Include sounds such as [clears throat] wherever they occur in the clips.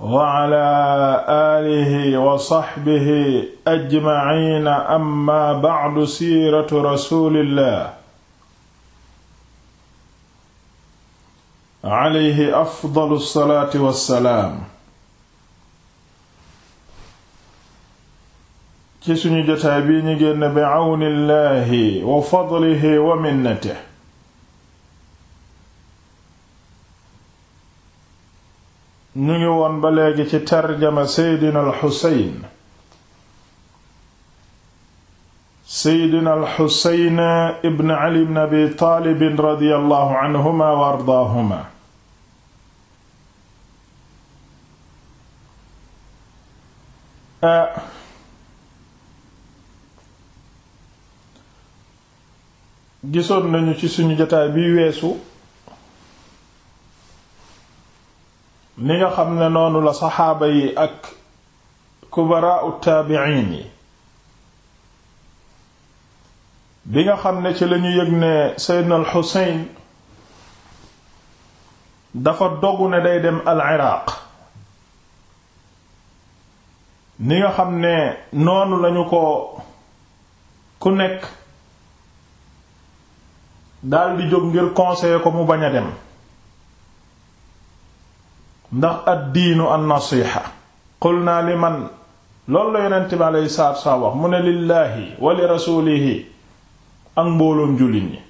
wa ala aalihi wa saxbihi ajmaciina amma bacdu siiratu rasuulillah alayhi afdalu salaati wa salaam. ci suñu jotaay bi ñu génn bi cawnillahi wa fadlihi wa minnatihi ñu ngi woon ba léegi ci tarjama seydina alxuseyn seydina alxuseyn ibn ali ibn abi taalib radiyallahu anhuma wa ardaahuma gisoon nañu ci suñu jotaay bi weesu ni nga xam ne noonu la saxaaba yi ak kubaraau taabiciin yi bi nga xam ne ci lañu yëg ne seydna xuseyn dafa dogu ne day dem al iraaq ni nga xam ne noonu lañu ko ku nekk daldi jóg ngir conseiller ko mu bañ a dem ndax addiinu an nasiixa qul naa li man loolu la yonent bi aleyhi salaatu wa salaam wax mu ne lillaahi wa li rasuulihi ak mbooloom jullit ñi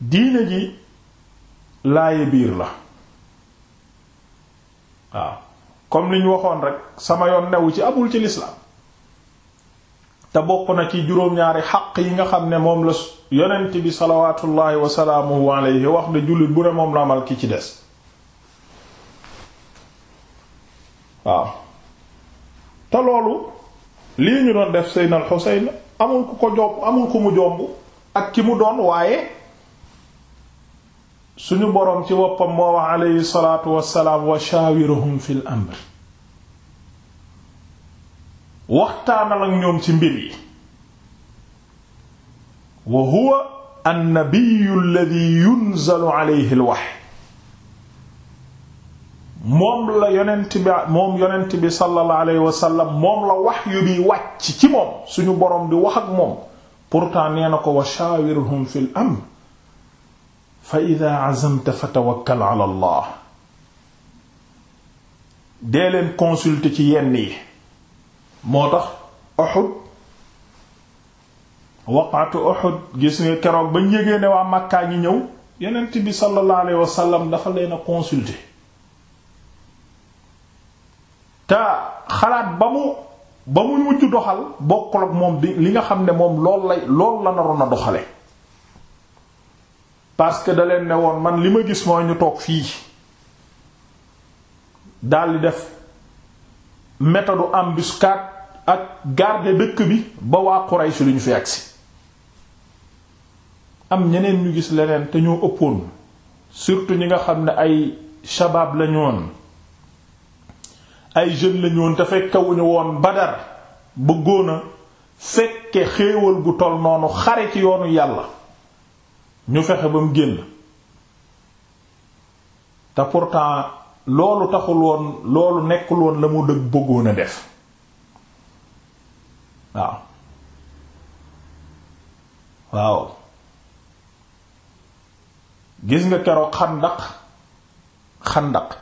diine ji laaye biir la waaw comme li ñu waxoon rek sama yoon newu ci abul ci lislaam te bokk na ci juróom-ñaari xaq yi nga xam ne moom la yonent bi salawaatullaahi wa salaamuhu alayhi wax de julit bu ne moom la amal ki ci des waaw te loolu lii ñu doon def Seydina al amul ku ko jomb amul ku mu jomb ak ki mu doon waaye suñu boroom ci woppam moo wax aleyhi salaatu wassalaam wa shaawiruhum fil amr waxtaanal ak ñoom ci mbir yi wa huwa an nabiyyu alladhi yunzalu aleyhi moom la yonent bi moom yonent bi sallallahu alayhi wa sallam moom la wahyu bi wàcc ci moom suñu boroom di wax ak moom pourtant nee na ko wa shawirhum fi am fa idha azamta fatawakkal ala allah ci yenn yi moo tax Uhud waqatu Uhud gis nga keroog ba ñu yégee ne waa Makka ñi ñëw yonent bi sallallahu alayhi wa sallam dafa leen a te xalaat ba mu ba mu mujj doxal bokkul ak moom bi li nga xam ne moom lool lay lool la naroon a doxale parce que da leen ne woon man li ma gis mooy ñu toog fii daldi def metodu embuscade ak garder dëkk bi ba waa Quraysh lu ñu fi agsi am ñeneen ñu gis leneen te ñoo ëppoon surtout ñi nga xam ne ay shabab lañu woon ay jeunes la ñoon te fekkewuñu woon Badar bëggoon a fekke xéewal gu toll noonu xare ci yoonu yàlla ñu fexe ba mu génn te pourtant loolu taxul woon loolu nekkul woon la mu dëgg bëggoon a def waaw waaw gis nga keroog xandaq xandaq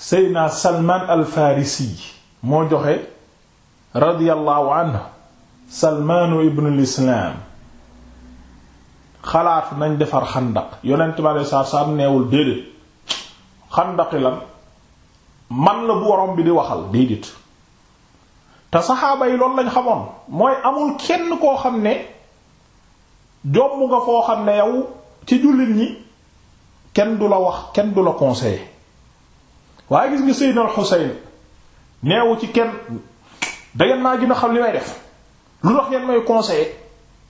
seydna salman al farisi moo joxe radiyallahu anhu salmaanu ibnul islaam xalaatu nañ defar xandaq yonent bi alei satu salaam neewul déedéet xandaqi lan man la bu warom bi di waxal déedéet te saxaaba yi loolu lañ xamoon mooy amul kenn koo xam ne jomb nga foo xam ne yow ci jullit ñi kenn du la wax kenn du la conseiller waaye gis nga Seydina Xuseyn neewu ci kenn dangeen maa gën a xam li may def lu tax ngeen may conseiller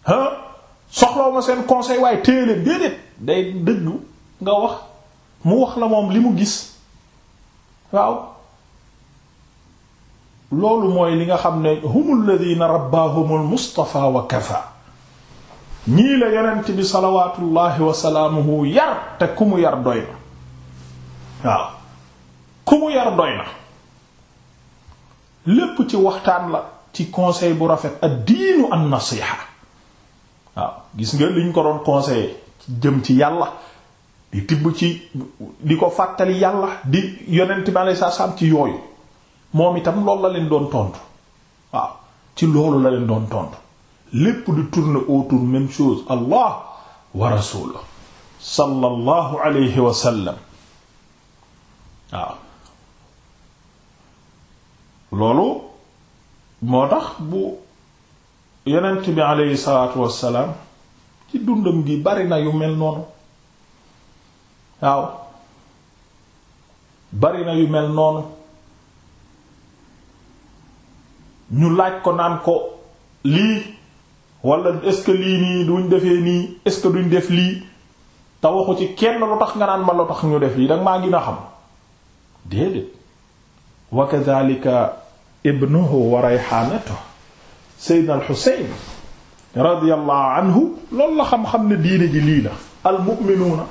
ah soxlaw ma seen conseil waaye téeléen déedéet day dëggu nga wax mu wax la moom li mu gis waaw loolu mooy li nga xam ne humul ladina rabbahumul mustafa wa kafa ñii la yonent bi salawatullahi wa salaamuhu yar te ku mu yar doy na waaw ku mu yar doy na lépp ci waxtaan la ci conseil bu rafet ad diinu an nasiha waaw gis nga liñ ko doon conseiller jëm ci yàlla di tibb ci di ko fàttali yàlla di yonent bi alei saa salaam ci yooyu moom itam loolu la leen doon tontu waaw ci loolu la leen doon tontu lépp di tourner autour même chose allah wa rasuluhu sallallahu alayhi wa sallam waaw loolu moo tax bu yonent bi aleyhi salaatu wassalaam ci dundam gi bari na yu mel noonu waaw bari na yu mel noonu ñu laaj ko naan ko lii wala est-ce que lii nii duñ defee nii est-ce duñ def lii te waxu ci kenn lu tax nga naan ma lu tax ñu def lii danga maa gën a xam déedéet wa kadhalika ibnuhu wa rayhaanatuhu seydna al xuseyn loolu la xam-xam ne diine ji lii la almuminuuna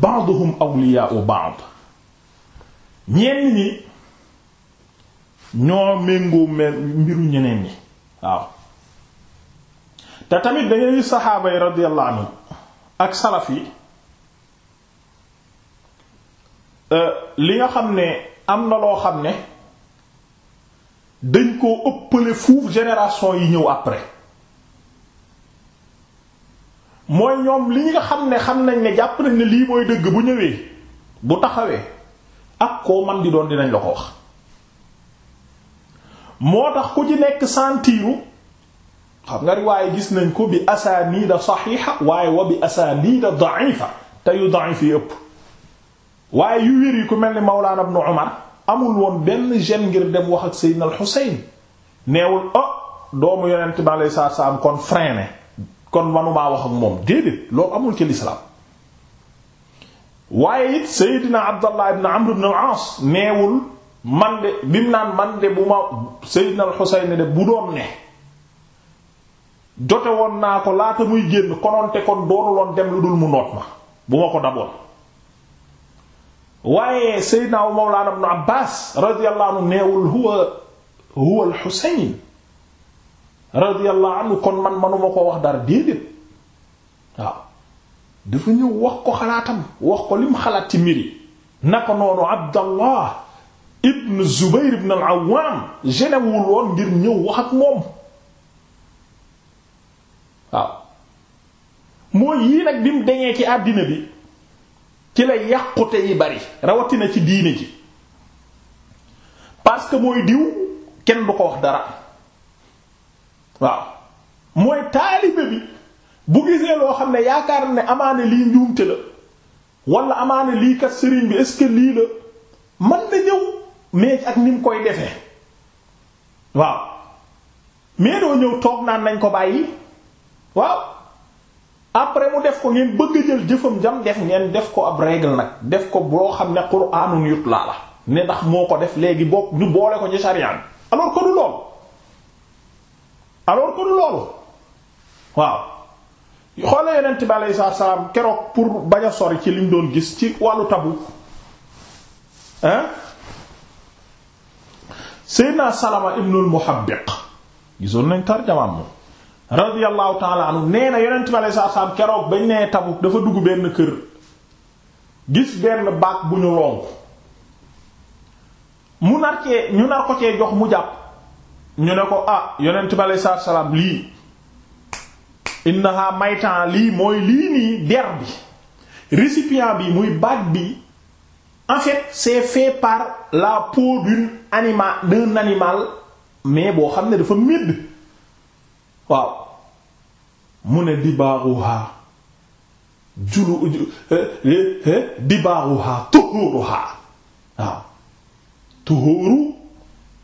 ba'duhum awliyaa'u ba'd ñenn ñi ñoo méngoo mbiru ñeneen ñi waaw te tamit da ngay saxaaba yi radiyallahu ak salaf yi euh, li nga xam ne am na loo xam ne dañ koo ëppale fuuf génération yi ñëw après mooy ñoom li nga xam ne xam nañ ne jàpp nañ ne lii mooy dëgg bu ñëwee bu taxawee ak koo man di doon dinañ la ko wax moo tax ku ci nekk sentiru xam nga waaye gis nañ ko bi asaaniida saxiixa waaye wa bi asaaniida da'ifa te yu da'if yi ëpp waaye yu wér yi ku mel ni Mawlaana Ibn Umar amul woon benn gêne ngir dem wax ak Seydina al-Husayn neewul oh doomu yonent bi aleyhi salaatu salaam kon freiné kon manumaa wax ak moom déedéet loolu amul ci lislaam waaye it Seydina Abdallah ibn Amr ibn al-Aas neewul man de bim naan man de bu ma Seydina al-Husayn de bu doon ne jote woon naa ko laata muy génn konoonte kon doonuloon dem lu dul mu noot ma bu ma ko daboon waaye Seydina Mawlana Ibn Abbas radiyallahu anhu neewul huwa huwa al-Husayn radiyallahu kon man manuma ko wax dara déedéet waaw dafa ñëw wax ko xalaatam wax ko lim xalaat ci mbir yi naka noonu Abdallah ibn Zubayr ibn al-Awwam woon ngir ñëw wax ak moom waaw mooy yii nag bi mu deñee ci àddina bi ci la yàqute yi bari rawatina ci diine ji parce que mooy diw kenn du ko wax dara waaw mooy taalibe bi bu gisee loo xam ne yaakaar ne amaane lii njuumte la wala amaane lii kat sëriñ bi est lii la man na ñëw mais ak ni mu koy defee waaw mais doo ñëw toog naan nañ ko bàyyi waaw après mu def ko ngeen bëgg a jël jëfam jam def ngeen def ko ab règle nag def ko boo xam ne qur'aanun yutlaa la ne ndax moo ko def léegi boo ñu boole ko ci sariyaan alors que du loolu alors que du loolu waaw xoola yonent bi aleyhi salaatu salaam keroog pour bañ a sori ci liñ doon gis ci wàllu Tabuk hein Seydina Salama ibnul Muhabbiq gisoon nañ tarjamaam moom radiyallahu taala anhu nee na yonent bi alayhi salaatu salaam keroog bañ nee Tabuk dafa dugg benn kër gis benn baag bu ñu lonk mu nar ñu nar ko cee jox mu jàpp ñu ne ko ah yonent bi alayhi salaatu salaam lii innaha maytan lii mooy lii nii der bi récipient bi muy baat bi en fait c'est fait par la peau d'un animal d'un animal mais boo xam ne dafa medd waaw mu ne dibaaruha julu eh, eh, eh, dibaaruha tuhuruha waaw tuhuru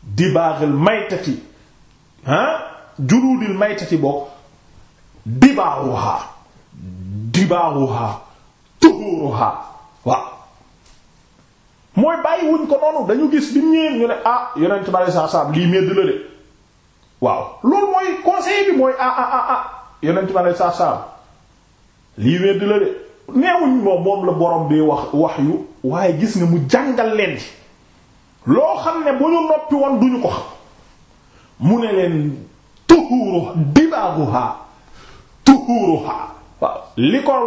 dibaaril maytati ha ah, juludil maytati bokk dibaaruha dibaaruha tuhuruha waaw mooy bàyyi wuñ ko noonu dañu gis bi mu ñëwee ñu ne ah yonent bi sallallahu alayhi wasallam lii medd la de waaw loolu mooy conseil bi mooy a ah, ah ah ah yonent ma ne saa saam lii wedd la de neewuñ moom moom la boroom bi wax wax yu waaye gis nga mu jàngal leen ci loo xam ne bu ñu noppi woon ko mu ne leen tuhuruha dibaaguha ko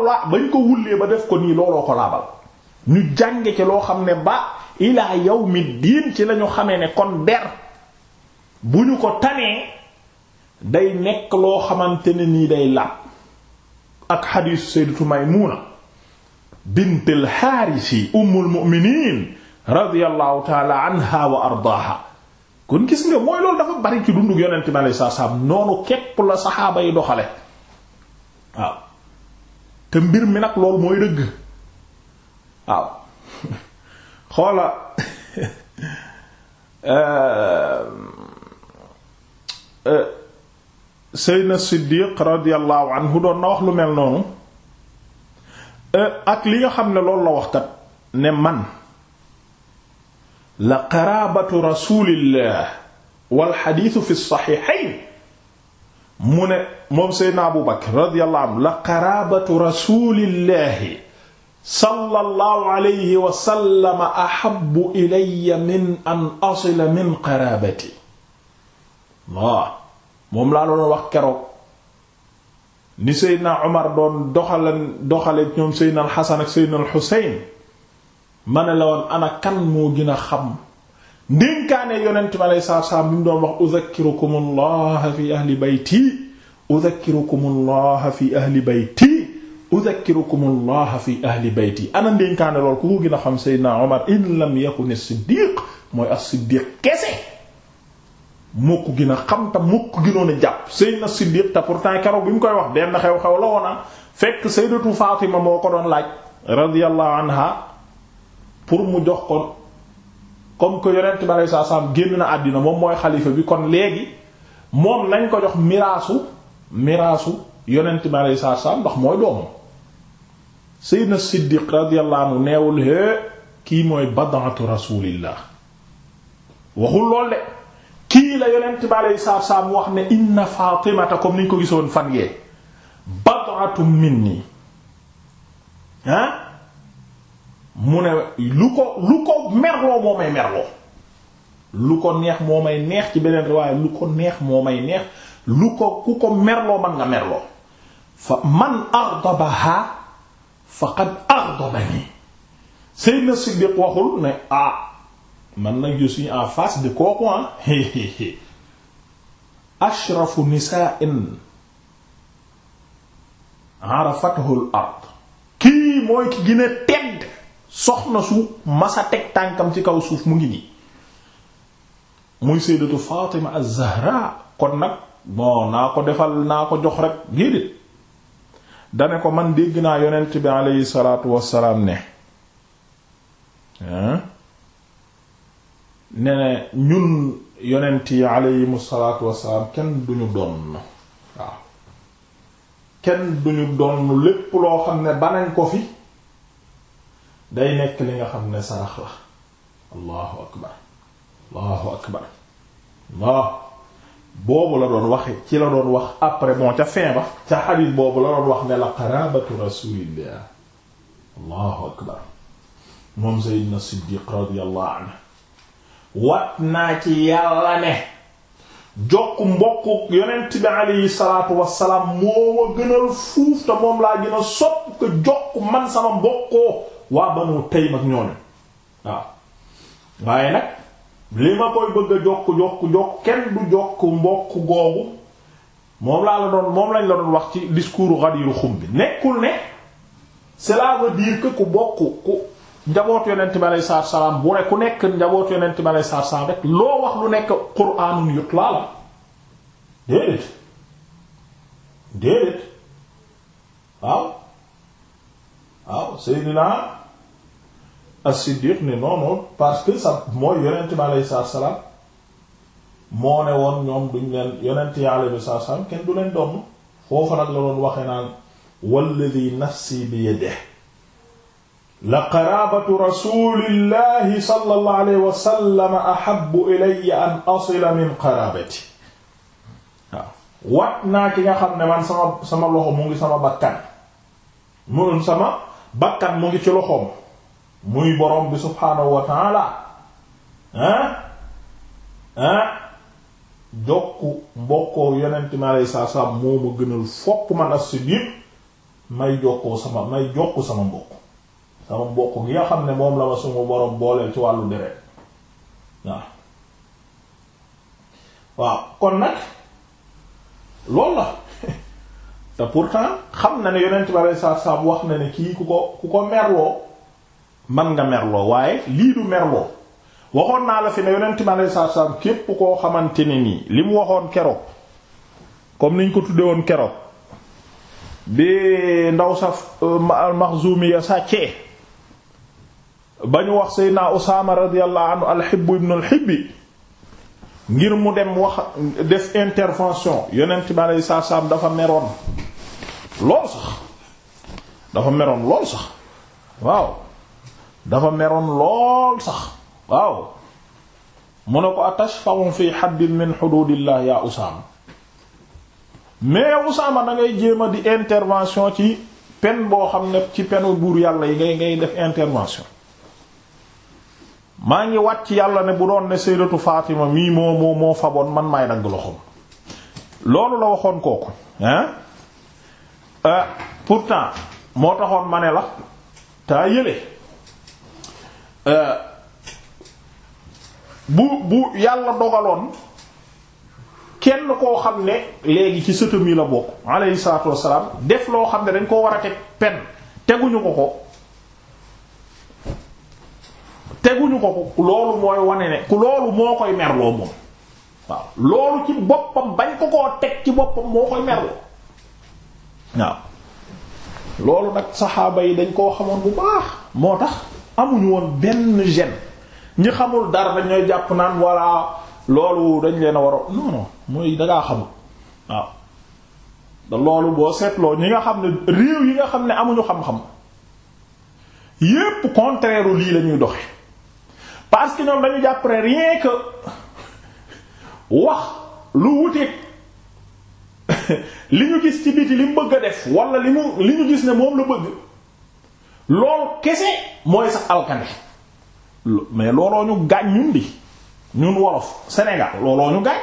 la bañ wullee ba def ko nii looloo ko laabal ñu jànge ci loo xam ne ba ilaa mi diin ci lañu xamee ne kon der bu ñu ko tanee day nekk loo xamante ne nii day làpp ak xadiisu sayyidatu maymuna bint alxaarisi ummul mu'miniin radiyallahu taala anha wa ardaaha kon gis nga mooy loolu dafa bari ci dundug yonent mi alayhi salaam noonu képp la saxaaba yi doxale te mbir mi nag loolu mooy rëgg waaw [laughs] xoola [laughs] euh, Euh, Seydina Siddiq radiyallahu anhu doon na wax lu mel noonu euh, ak li nga xam ne loolu la wax kat ne man la qaraabatu rasulillah wal xadiisu fi saxiixayn mu ne moom Seydina Abu Bakr radiyallahu anhu la qaraabatu rasulillahi sallallahu alayhi wa sallam ahabbu ilayya min an asila min qaraabati waaw moom laa doon wax keroog ni seydna Omar doon doxalan doxale ñoom seydna al Xasan ak seydna al Xuseyn ma ne la woon ana kan moo gën a xam ndénkaane yonent mi aleyhi salaatu salaam bi mu doon wax uzakkirukum allah fi ahli bayti uzakkirukum allah fi ahli bayti uzakkirukum allah fi ahli bayti ana ndénkaane lool ku ko gën a xam seydna Omar in lam yakun as-Siddiq mooy as-Siddiq kese mukk gi na xam te mukk gi noonu jàpp Seydina Siddiq te pourtant keroog bi ñu koy wax benn xew-xew la woona fekk Sayyidatu Fatima moo ko doon laaj radiyallahu anha pour mu jox kon comme que yonent bi alei salaam génn na àddina moom mooy xalifa bi kon léegi moom nañ ko jox miraasu miraasu yonent bi alei saa salaam ndax mooy doomam Seydina Siddiq radiyallahu anhu neewul hé kii mooy bad'atu rasulillah waxul lool de kii la yonent bi aleyhi salaatu salaam wax ne inna a comme niñ ko gisoon fan yee bad'atun minni ah mu ne lu ko lu ko merloo moo may merloo lu ko neex moo may neex ci beneen riwaaya lu ko ku ko merloo man nga merloo fa man ardabaha faqad ardabani Sayyidna Siddiq waxul ne ah man nag je suis en face de kooku ah [laughs] ashrafu nisa'in arafathul ard kii mooy ki gën tedd soxna su masa teg tànkam ci kaw suuf mu ngi nii muy sayyidatu Fatima az-Zahra kon nag bon naa ko defal naa ko jox rek géedéet dane ko man dégg naa yonent bi aleyhi wassalaam ne ne ñun yonent yi aleyhim salaatu wassalaam kenn duñu donn waaw kenn duñu donn lépp loo xam ne banañ ko fi day nekk li nga xam ne sarax la allahu akbar allahu akbar allah boobu la doon waxe ci la doon wax après bon ca fin ca xadiis boobu la doon wax ne la qarabatu rasulillah allahu akbar moom seydina siddiq radiyallahu anhu wat naa ci yàlla ne jokk mbokk yonent bi alayhi salaatu wassalaam moo ma gënal fuuf te moom laa gën a sopp ko jokk man sama mbokkoo waa banu Taym ak ñooñu waaw waaye nag li ma koy bëgg a jokk jokk jokk kenn du jokk mbokk googu moom laa la doon moom lañ la doon wax ci discours Ghadir Khum bi nekkul ne cela veut dire que ku bokk ku njaboot yonent bi aleyhi salaatu salaam bu ne ku nekk njaboot yonent bi aleyhi salaatu salaam rek loo wax lu nekk qur'aanun yutlaa la déedéet déedéet waaw waaw Seydina as-Siddiq ne non parce que ça mooy yonent bi aleyhi salaatu salaam moo ne woon ñoom duñ leen yonent yi aleyhi salaatu salaam kenn du leen doon foofu nag la doon waxee naan walladhi nafsi bi yadihi la qaraabatu rasulillahi sallallahu alayhi wa sallam ahabbu ilayya an asila min nga xam ne man sama loxo mu ngi sama bakkan mu sama mu ngi ci loxoom muy borom bi subhaanahu wa taala ah ah jokku mbokkoo yonent salaam moo ma gënal fopp man as-Siddiq may jokkoo sama sama mbokk sama bokk gi nga xam ne moom la ma sumu borom booleel ci wàllu deret waaw waaw kon nag lool la [laughs] te pourtant xam na ne yonent bi alei saatu salaam wax na ne kii ku ko ku ko merloo man nga merloo waaye lii du merloo waxoon naa la fi ne yonent bi alei saatu salaam képp koo xamante ne nii li mu waxoon keroog comme niñ ko tuddee woon keroog bi ndaw sa euh, Maxzumi ya sàccee ba ñu wax seydna Usaama radiyallahu anhu alxibbu ibnu alxibbi ngir mu dem wax def intervention yonent bi aleyhi salaatu salaam dafa meroon lool sax dafa waaw dafa meroon lool sax waaw mu ne ko atashfa'u fi haddin min hududillah ya Usaama mais Usaama da ngay jéem a di intervention ci pen boo xam ne ci penu buur yàlla yi ngay ngay def intervention maa ngi wàcc yàlla ne bu doon ne sayyidatu Fatima mii moo moo moo faboon man maay dagg loxoom loolu la waxoon kooku ah pourtant moo taxoon ma ne la taa yële euh, bu bu yàlla dogaloon kenn koo xam ne léegi ci sëtam yi la bokk alayhi salaatu wassalaam def loo xam ne dañ koo war a teg pen teguñu ko ko teguñu ko ko loolu mooy wane ne ku loolu moo koy merloo loolu ci boppam bañ ko teg ci boppam moo koy merloo loolu nag saxaaba yi dañ koo bu baax moo tax amuñu woon benn gêne ñi xamul dara dañ jàpp naan walla loolu dañ leen a war a non non mooy dangaa xamul loolu boo seetloo ñi nga xam ne réew yi nga xam ne amuñu xam-xam yépp contraire lii lañuy doxe parce que ñoom dañu jàpp ne rien wax lu wuteeg [laughs] li ñu gis ci biti li mu bëgg a def walla li mu li ñu gis ne moom la bëgg loolu kese mooy sax alkande mais looloo ñu gaañ ñun di ñun wolof Sénégal looloo ñu gaañ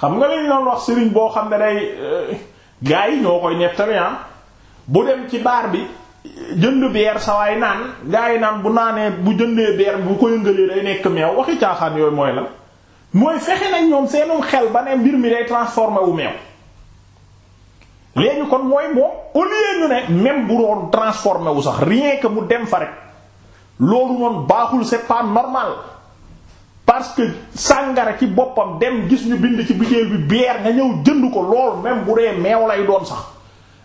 xam nga lañ doon wax sëriñ boo xam ne day euh, gaa yi ñoo koy nettali ah. bu dem ci baar bi jënd bière sawaay naan gaa yi naan bu naanee bu jëndee bière bu ko yëngalee day nekk meew waxi caaxaan yooyu mooy la mooy fexe nañ ñoom seenum xel ba ne mbir mi day transformé wu meew léegi kon mooy moom au lieu ne même bu doon transformé wu sax rien que mu dem fa rek loolu noonu baaxul c'est pas normal parce que sàngara ci boppam dem gis ñu bind ci bidéel bi bière nga ñëw jënd ko lool même bu dee meew lay doon sax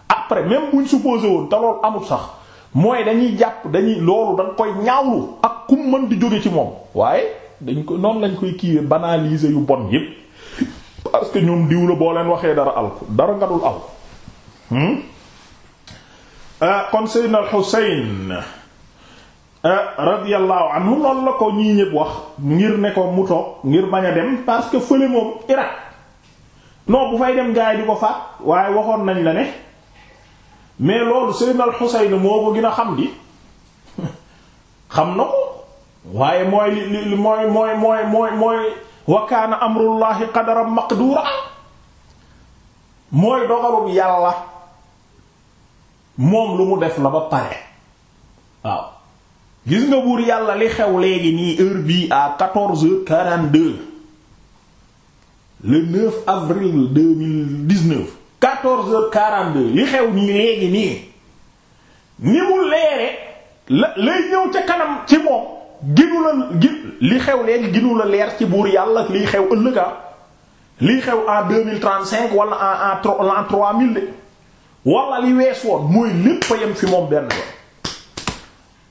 après même buñ supposé woon te loolu amul sax mooy dañuy jàpp dañuy loolu dañ koy ñaawlu ak kum mën di jóge ci moom waaye dañ ko noonu lañ koy kiiwee banaliser yu bon yépp parce que ñoom diw boo leen waxee dara alku dara nga dul aw hmm? euh, kon Seydina al-Husayn euh, radiyallahu anhu noonu la ko ñii ñëpp wax ngir ne ko mu toog ngir bañ a dem parce que fële moom Irak non bu fay dem gaay di ko faat waaye waxoon nañ la ne mais loolu Seydina Al-Husayn moo ko gën xam di xam na ko waaye mooy li li mooy mooy mooy mooy mooy wa amrullahi qadaran maqdura mooy dogalum yàlla moom lu mu def la ba pare waaw gis nga buur yàlla li xew léegi nii heure bii à quatorze heures quarante-deux le quatorze heures quarante-deux li xew nii léegi nii ni mu leere la lay ñëw ca kanam ci moom ginu la li xew leen ginu la leer ci buur yàlla liy xew ëllëga ah. liy xew en deux mille wala en en en trois mille de wala li wees mooy lépp yem fi moom benn ba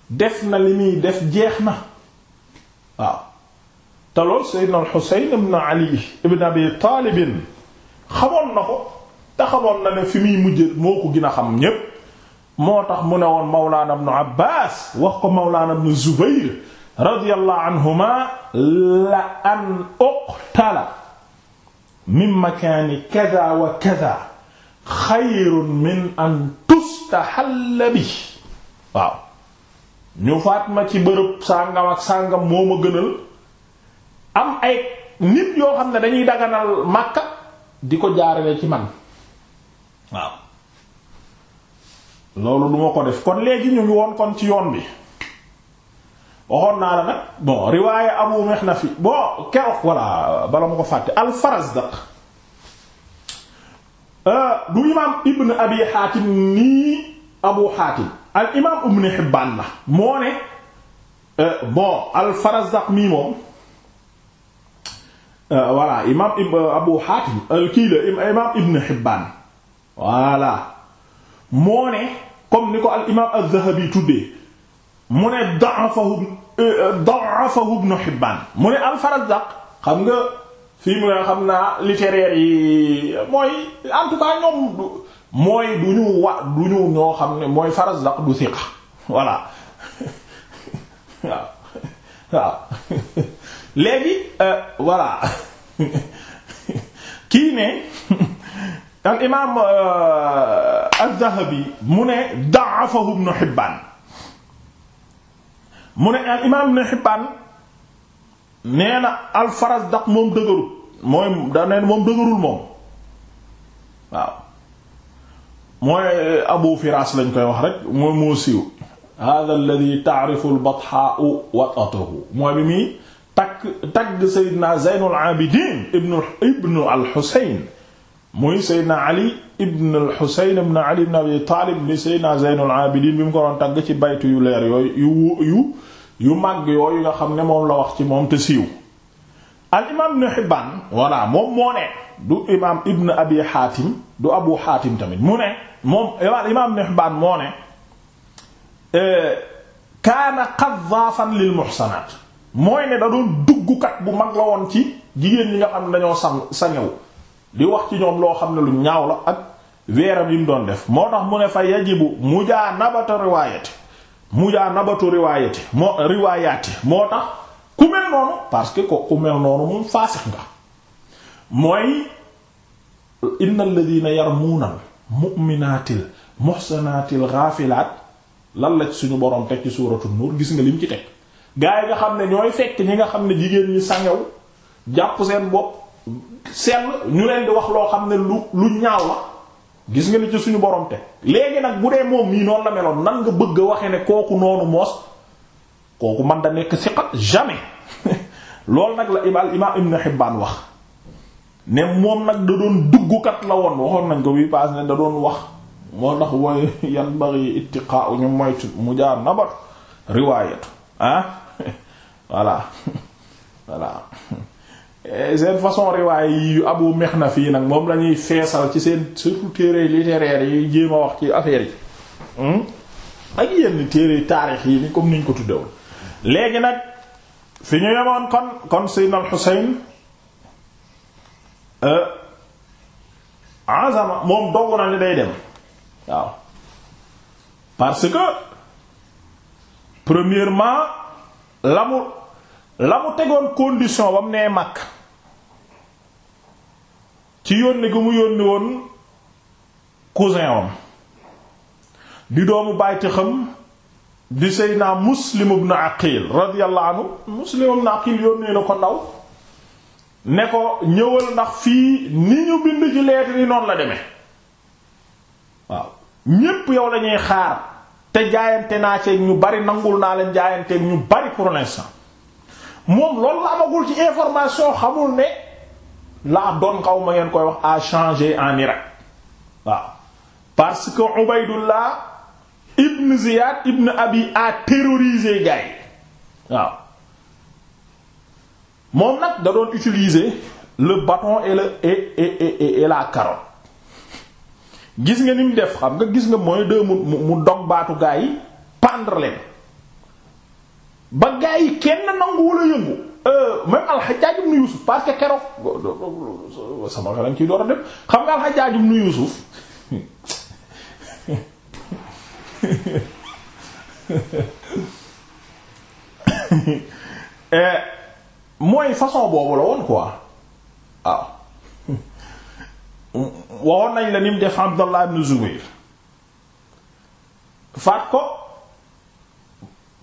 def na li muy def jeex na waaw te lool Seydina al Xuseyn Ali ibn Abi Taalib xamoon na ko te xamoon na ne fi muy mujj moo ko gën a xam ñépp moo tax mu ne woon mawlaana ibnu abbaas wax ko mawlaana ibnu zubayr radiyallahu anhuma la an uqtala min makaani kada wa kada xayrun min an tustaxalla bi waaw ñu faat ma ci bërëb sàngam ak sàngam moo ma gënal am ay nit yoo xam ne dañuy daganal màkka di ko jaarale ci man waaw loolu duma ko def kon léegi ñu ngi woon kon ci yoon bi waxoon naa la nag bon riwaaye Abu Mihnafi bon keroog voilà bala ma ko fàtte al-Farazdaq euh, du imaam Ibn Abi Hatim nii Abu Hatim al imaam Ibn Hibbaan la moo ne euh, bon al mii moom euh, voilà imaam Abu Hatim kii imaam Ibn Hibbaan voilà moo ne comme ni ko al imaam az-Zahabi tuddee mu ne da'afahu euh, da'afahu Ibn Hibbaan mu ne al-Farazdaq xam nga fii mu xam naa littéraire yi mooy en tout mooy du ñu wa du ñu ñoo xam ne mooy Farazdaq du siqa voilà [laughs] waaw waaw [laughs] euh, voilà [laughs] kii ne. al imaam euh, az-Zahabi mu ne da'afahu Ibn Hibbaan mu ne al imaam Ibn Hibbaan nee na al-Farazdaq moom dëgërul mooy da neen moom dëgërul moom waaw mooy euh, Abu Firaas lañ koy wax rek mooy moo siiw haaza alladhi ta'rifu al-bathaa'u wat'atahu mooy bi muy takk tagg Sayyidina Zaynul Aabidiin ibnu ibnu al-Husayn muy Seydina Ali ibn al-Husayn ibn Ali ibn Abi Taalib li Seydina Zeynul Abidin bi mu ko doon tagg ci baytu yu leer yooyu yu yu yu màgg yooyu nga xam ne moom la wax ci moom te siiw al imaam Ibn Hibbaan moom moo ne du imaam Ibn Abi Haatim du Abu Haatim tamit mu ne moom imaam Ibn Hibbaan moo ne eh, kaana qaddaafan lil muhsanaat mooy ne da doon duggkat bu mag la woon ci jigéen ñi nga xam ne dañoo san di wax ci ñoom loo xam ne lu ñaaw la ak weeram yi mu doon def moo tax mu ne fa yajibu mujaanabatu riwaayati mujaanabatu riwaayati moo riwaayaati moo tax ku mel noonu parce que ko ku mel noonu moom faasix nga mooy innal ladina yarmuunal mu'minaatil muhsanaatil xaafilaat lan la ci suñu borom teg ci suuratu nuur gis nga lim ci teg gaa nga xam ne ñooy fekk ñi nga xam ne jigéen ñi sangew jàpp seen bopp sell ñu leen di wax loo xam ne lu lu ñaaw la gis nga ni ci suñu borom te léegi nag bu dee moom mii noonu la meloon nan nga bëgg a waxee ne kooku noonu moos kooku man da nekk siqa jamais [laughs] loolu nag la al imam Ibn Hibbaan wax ne moom nag da doon duggukat la woon waxoon nañ ko bii paas ne da doon wax moo tax wooy yan bari ittiqaa'u ñu moytu mujaanabat riwaayatu ah [laughs] voilà [laughs] voilà Eh, seen façon riwaay yi Abu Mixnaf yi nag moom lañuy ñuy feesal ci seen surtout téere littéraire yi jéem wax ci affaire yi hmm? ak yenn téere taarix yi ni comme niñ ko tuddewoon léegi nag fi ñu yemoon kon kon Seydina al-Husayn eh, azama moom dogg na ni day dem waaw parce que premièrement la mu la mu tegoon condition ba mu nee Makka ci yónni gu mu yónni woon cousin wam di doomu bàyti xam di Seydina Muslim ibn Aqil radiyallahu anhu Muslim ibn Aqil yónnee na ko ndaw ne ko ñëwal ndax fii ni ñu bind ci lettre yi noonu la deme waaw ñépp yow lañuy xaar te jaayante naa ceeg ñu bari nangul naa leen jaayanteeg ñu bari pour l'instant moom loolu la amagul ci information xamul ne laa doon xaw ma ngeen koy wax a changé en Irak waaw parce que Ubaydullah ibn Ziyad ibn Abi a terrorisé gars waaw moom nag da doon utiliser le bâton et la et et et la carotte gis nga ni mu def xam nga gis nga mooy de mu mu dog baatu gaa yi pendre leen ba gaa yi kenn nanguwul yëngu. Euh, même al-Hajjaj ibn Yusuf parce que keroog sama xelam ciy door a dem xam nga al-Hajjaj ibn [laughs] euh, mooy façon boobu la woon quoi waaw ah. waxoon nañ la ni mu def Abdallah ibn Zubayr faat ko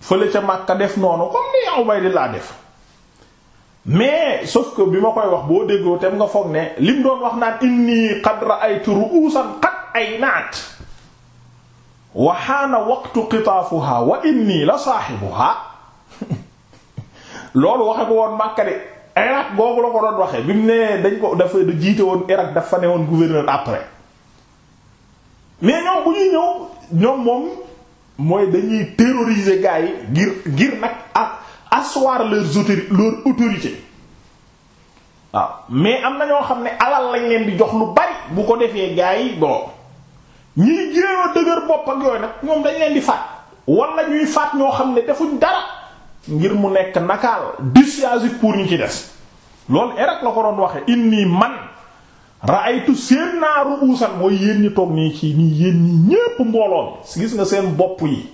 fële ca Makka def noonu comme ni laa def mais sauf que bi ma koy wax boo déggoo tem nga foog ne lim doon wax naan inni qad ra'aytu ru'usan qad aynat wa haana waqtu qitaafuha wa inni la saahibuha [laughs] loolu waxe ko woon Makka de Irak googu la ko doon waxee bi mu ne dañ ko dafa jiite woon Irak dafa ne woon gouverneur après mais ñoom bu ñuy ñëw ñoom moom mooy dañuy terroriser gars yi ngir ngir nag ak asseoir leurs autori leur autorité waaw mais am na ñoo xam ne alal lañ leen di jox lu bari bu ko defee gars yi bon ñiy jéem a dëgër bopp yooyu nag ñoom dañ leen di faat wala ñuy faat ñoo xam ne defuñ dara ngir mu nekk nakaal dissuasif pour ñu ci des loolu erek la ko doon waxe inni man raaytu seen naa ruusan mooy yéen ñi toog nii ci nii yéen ñi ñépp mbooloon gis nga seen bopp yi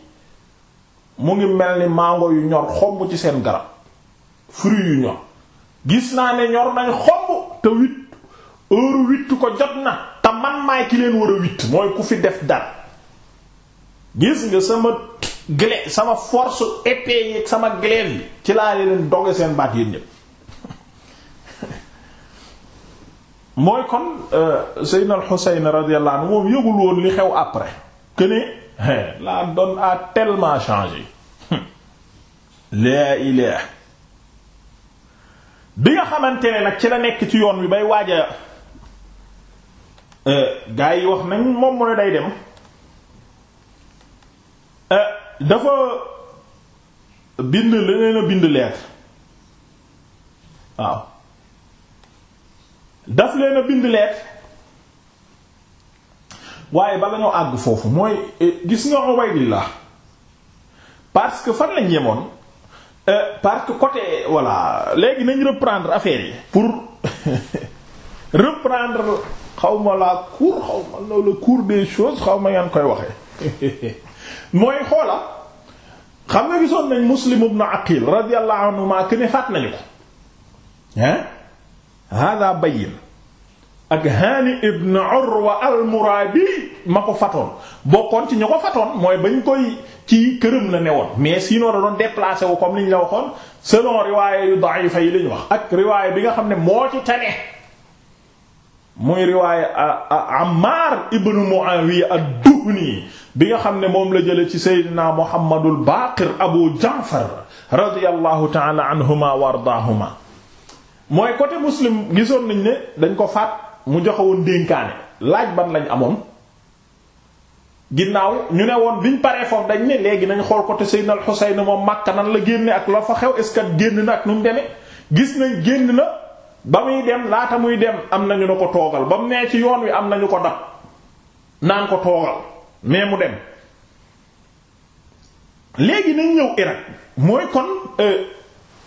mu ngi mel ni mango yu ñor xomb ci seen garab fruit yu ñor gis naa ne ñor nañ xomb te witt heure witt ko jot na te man maay leen war a witt mooy ku fi def dara gis nga sama glaive sama force épée yi sama glaive yi ci laa leen doge seen baat yéen ñëpp mooy kon euh, Seydina al Xuseyn radiyallahu anhu moom yëgul woon li xew après que la donne a tellement changé laa ilah bi nga xamante ne nag ci la nekk ci yoon wi bay waaja euh, gaa yi wax nañ moom mu day dem euh, dafa bind leneen a bind lettre waaw daf leen bind lettre waaye bala ñoo àgg foofu mooy eh, gis nga Ubaydillah parce que fan lañ yemoon eh, parce que côté voilà léegi nañ reprendre affaire yi pour [laughs] reprendre xaw ma la cour xaw ma la cour des choses xaw ma ngeen koy waxee [laughs] mooy xoola xam nga gisoon nañ Muslim ibn Aqil radiyallahu anhu ma que ne faat nañu ko ah hada bayyin ak Hani ibn Urwa al-Muradi ma ko fatoon bokkoon ci ñu ko fatoon mooy bañ koy ci këram ne woon mais sinon da doon déplacé wu comme niñ la waxoon selon riwaayé yu da'ifa yi lañ wax ak riwaayé bi nga xam ne moo ci tane muy riwaayé Ammar ibn Muawiya ad-Duhni bi nga xam ne moom la jële ci Seydina Muhammadul Baqir Abu Ja'far radiyallahu ta'ala anhuma wa ardaahuma mooy côté muslim gisoon nañ ne dañ ko faat mu joxe woon laaj ban lañu amoon ginnaaw ñu ne woon biñ paree foofu dañ ne léegi nañ xool côté Seydina al Xuseyn moom Makka nan la génne ak la fa xew est ce que génn na ak nu mu demee gis nañ génn na ba muy dem laata muy dem am nañu ne ko toogal ba mu nee ci yoon wi am nañu ko dab naan ko toogal mais mu dem léegi nañ ñëw Irak mooy kon euh,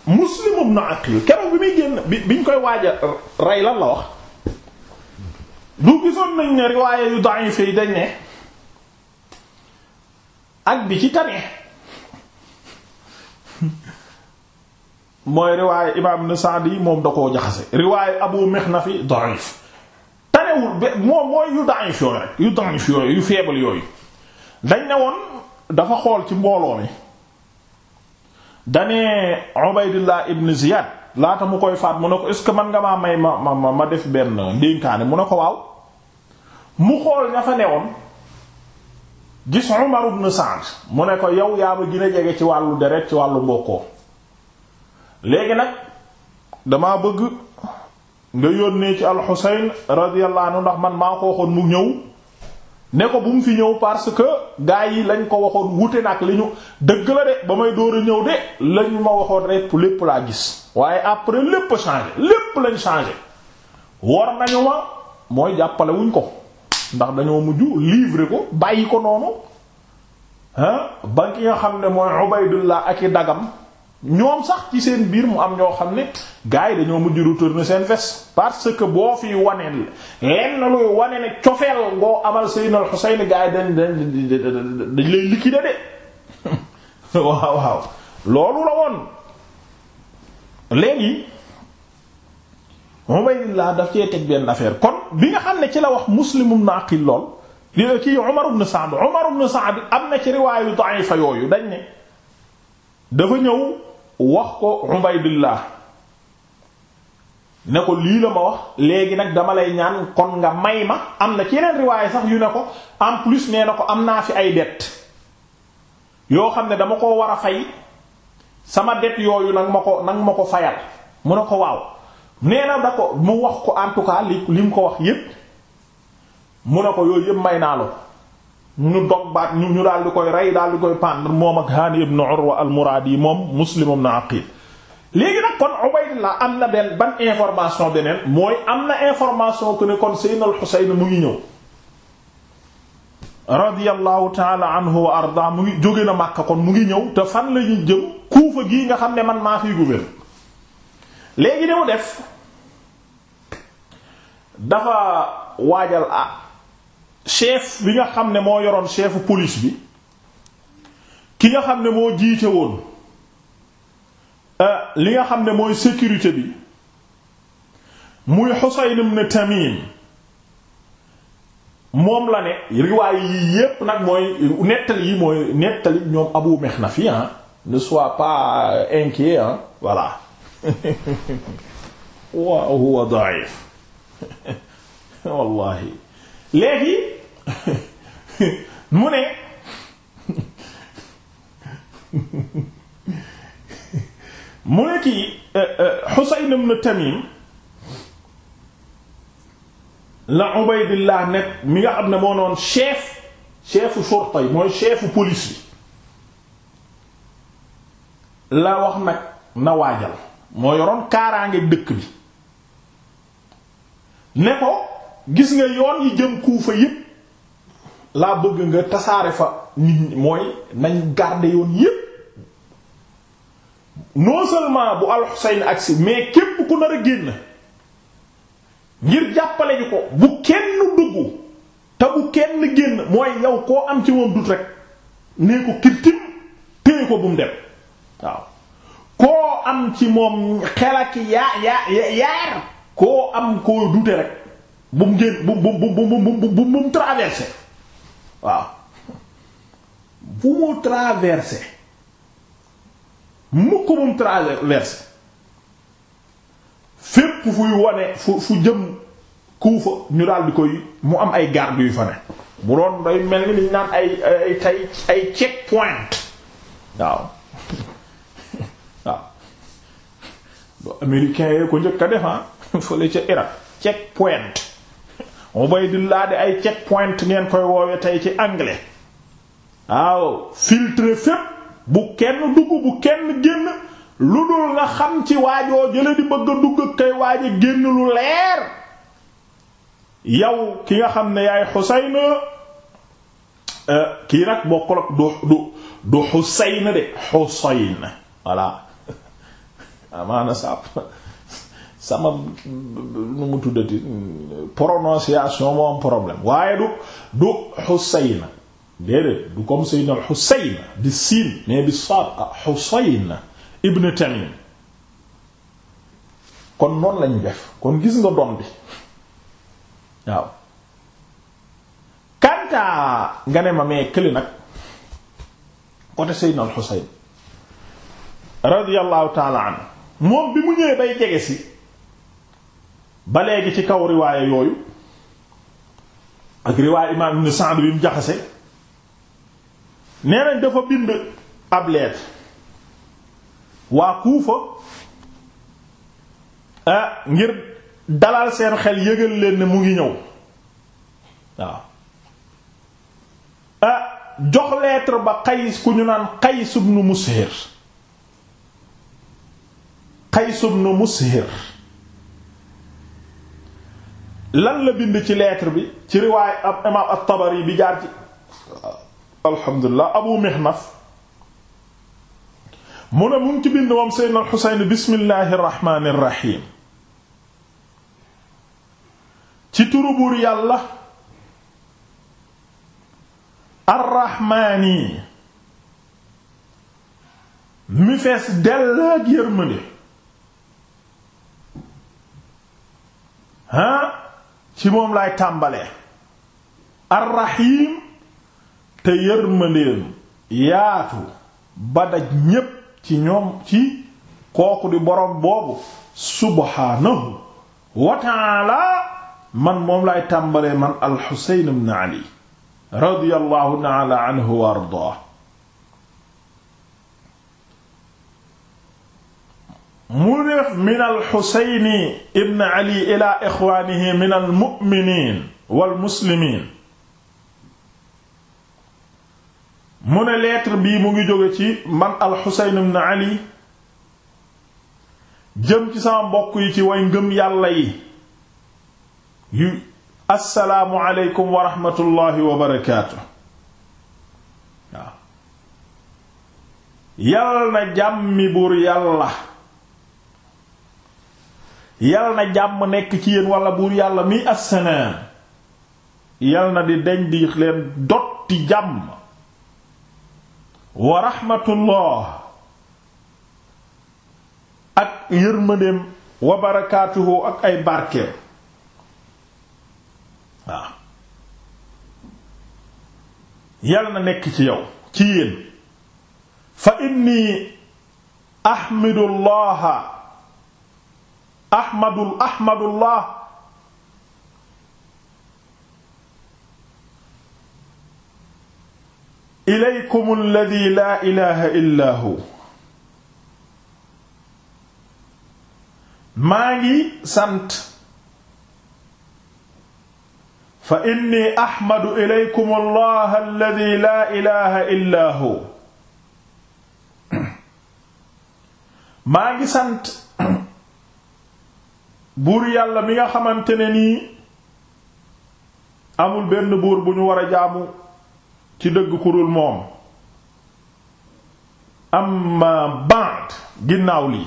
Muslim ibn Aqil keroog bi muy génn bi biñ koy waaj a rey lan la wax du gisoon nañ ne riwaaya yu da'if yi dañ ne ak bi ci tane mooy riwaaya imaam ibn Sa'di moom da koo jaxase riwaaya Abu Mikhnaf da'if tanewul be moom mooy yu da'if yooyu rek yu da'if yooyu yu faible yooyu dañ ne woon dafa xool ci mbooloo mi dane Ubaydullah ibn Ziyad laata mu koy faat mu ne ko est-ce que man nga maa may ma ma ma def benn ndénkaane mu ne ko waaw mu xool ña fa newoon gis Umar ibn Sa'd mu ne ko yow yaa ma gën a jege ci wàllu deret ci wàllu mbokkoo léegi nag dama bëgg nga yónnee ci al-Husayn radiyallahu anhu ndax man maa ko waxoon mu ñëw ne ko bu mu fi ñëw parce que gaa yi lañ ko waxoon wute nag li ñu dëgg la de ba may door a ñëw de lañ ma waxoon rek lépp laa gis waaye après lépp changé lépp lañ changé war nañu ma mooy jàppalewuñ ko ndax dañoo mujj livrer ko bàyyi ko noonu ba ki nga xam ne mooy Ubaydullah ak i dagam ñoom sax ci seen biir mu am ñoo xam ne gars yi dañoo mujj retourner seen veste parce que boo fi waneen lenn luy wane ne cofeel ngoo amal Sayyidina al-Husayn gars yi dañ dañ dañ lay liquider de [laughs] waaw waaw loolu la woon léegi Umaylillah daf cee teg benn affaire kon bi nga xam ne ci la wax Muslim ibn Aqil lool kii Umar ibn Sa'd Umar ibn Sa'd am na ci riwaayu da'ifa yooyu dañ ne dafa ñëw wax ko Ubaydillah ne ko lii la ma wax léegi nag dama lay ñaan kon nga may ma am na ci yeneen riwaayu sax yu ne ko en plus nee na ko am naa fi ay dettes yoo xam ne dama ko war a fay sama det yooyu nag ma ko nag ma ko fayal mu ne ko waaw nee na da ko mu wax ko en tout cas li li mu ko wax yépp mu ne ko yooyu yépp may naa la ko ñu dog baat ñu ñu daal di koy rey daal di koy pendre moom ak Hani ibn Urwa al-Muradi moom Muslim ibn Aqil léegi nag kon Ubaydillah am na benn ban information beneen mooy am na information que ne kon Seydina al mu ngi ñëw radiyallahu taala anhu wa arda mu ngi jóge na Makka kon mu ngi ñëw te fan la ñu jëm Kuufa gii nga xam ne man maa fiy gouverner léegi ne mu def dafa waajal ah chef bi nga xam ne moo yoroon chefu police bi ki nga xam ne moo jiite woon eh, li nga xam ne mooy sécurité bi muy Husayn ibn Tamim moom la ne riwaay yi yépp nag mooy nettali yi mooy nettali ñoom Abu Mihna fi ah ne sois pas inquiet ah voilà [laughs] wa huwa da'if [laughs] wallahi léegi [laughs] mu ne mu ne kii eh, eh, Husayn ibn Tamim la Ubaydillah nekk mi nga xam ne moo noon chef chefu shorta yi mooy chefu police bi la wax nag na waajal moo yoroon kaaraange dëkk bi ne ko gis nga yoon yi jëm Kuufa yépp laa bëgg nga tasaare fa nit mooy nañ garder yoon yépp non bu al agsi mais képp ku nar a génn ngir jàppale ñu ko bu kenn dugg te bu kenn génn mooy yow koo am ci moom dut rek nee ko kirtim téye ko bu mu dem waaw koo am ci moom xelaki yaa yaa yaar koo am koo dute rek bu mu génn bu bu bu bu bu mu traversé waaw bu mu traversé mukk bu mu traversé fépp fuy wone fu fu jëm kuufa ñu daal di koy mu am ay garde yu fa ne bu doon day mel ni liñ naan ay ay tay ay check point waaw do américain yee ko njëkk a defan ah, [laughs] fële ca Irak check point Ubaydullah de ay check point ngeen koy woowe tey ci anglais waaw filtre fépp bu kenn dugg bu kenn génn lu dul nga xam ci waajoo jële di bëgg a dugg kay waaje génn lu leer yow ki nga xam ne yaay Xuseyn euh, kii nag bokkul ak du du du Xuseyn de Xuseyn voilà amaana sàpp sama nu mu tuddati prononciation moo am problème waaye du du Xusayna déedéet du comme Seydina Xusayn di siin mais bi saad ah Xusayn ibn Tamim kon noonu lañ def kon gis nga doom bi waaw kantaa nga ne ma mee këli nag côté Seydina Xusayn radiyallahu ta'ala anhu moom bi mu ñëwee bay jege si ba léegi ci kaw riwaaya yooyu ak riwaaya imaam ibn Sa'd bi mu jaxase nee dafa bind ab lettre waa Kuufa ah ngir dalal seen xel yëgal leen ne mu ngi ñëw waaw ah jox lettre ba Qays ku ñu naan Qays ibn Mushir Qays ibn Mushir lan bind ci lettre bi ci riwaay ab imaam at-Tabari bi jaar ci alhamdulilah Abu Mihnaf mu ne mu bind moom Seydina al-Husayn bismillahi irrahmani irrahim ci turu buur yàlla arrahmaani mi fees dell ak ah ci moom laay tàmbalee arrahim te yërmandeem yaatu ba daj ñépp ci ñoom ci kooku di boroom boobu subhaanahu wa taala man moom laay tàmbalee man alxusayn ibn ali radiyallahu taala anhu wa ardaa mu def min alxuseyni ibn ali ila ixwaanihi min almuminin walmuslimin mu ne lettre bii mu ngi jóge ci man alxuseyn ibn ali jëm ci sama mbokk yi ci way ngëm yàlla yi yu aleykum wa wa barakaatu yàlla na jàmmi buur yàlla yal na jàmm nekk ci yéen wala buur yàlla mi assalaam yal na di deñ di leen dotti jàmm wa rahmatullah ak yërmandeem wa barakaatuhu ak ay barkeel waaw yal na nekk ci yow ci yéen fa inni ahmidullaha ahmadul ahmadullah ilaykum alladi laa ilaha illa hu maa ngi sant fa inni ahmadu ilaykum allah alladi laa ilaha illa hu maa ngi sant buur yàlla mi nga xamante ne nii amul benn buur bu ñu war a jaamu ci dëgg kurul moom am ba'd ginnaaw lii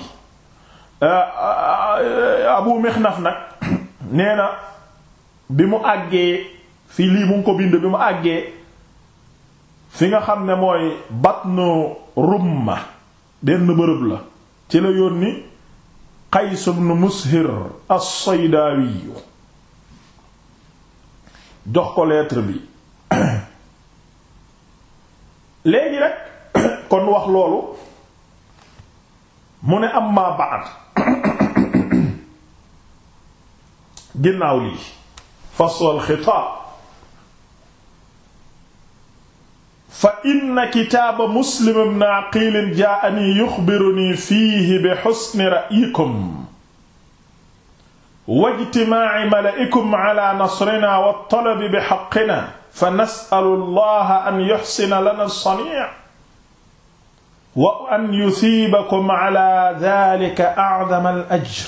euh, euh, euh, abu mixnaf nag [coughs] nee na bi mu àggee fi lii mu ngi ko bind bi mu àggee fi nga xam ne mooy batnu rumma benn bërëb la ci la yónni Qays ibn Mushir as-Saydaawi jox ko lettre bi [coughs] léegi rek [coughs] kon wax loolu mu ne amma ba'd [coughs] ginnaaw lii fasl al-xitaab fa inna kitaaba muslim ibn aqiil jaa'anii yuxbirunii fiihi bi xusni ra'yikum wa ijtimaa'i mala'ikum alaa nasrinaa wa talabi bi xaqqinaa fa nas'alu llaaha an yuxsina lanaa sanii' wa an yusiibakum alaa daalika a'zama al-ajr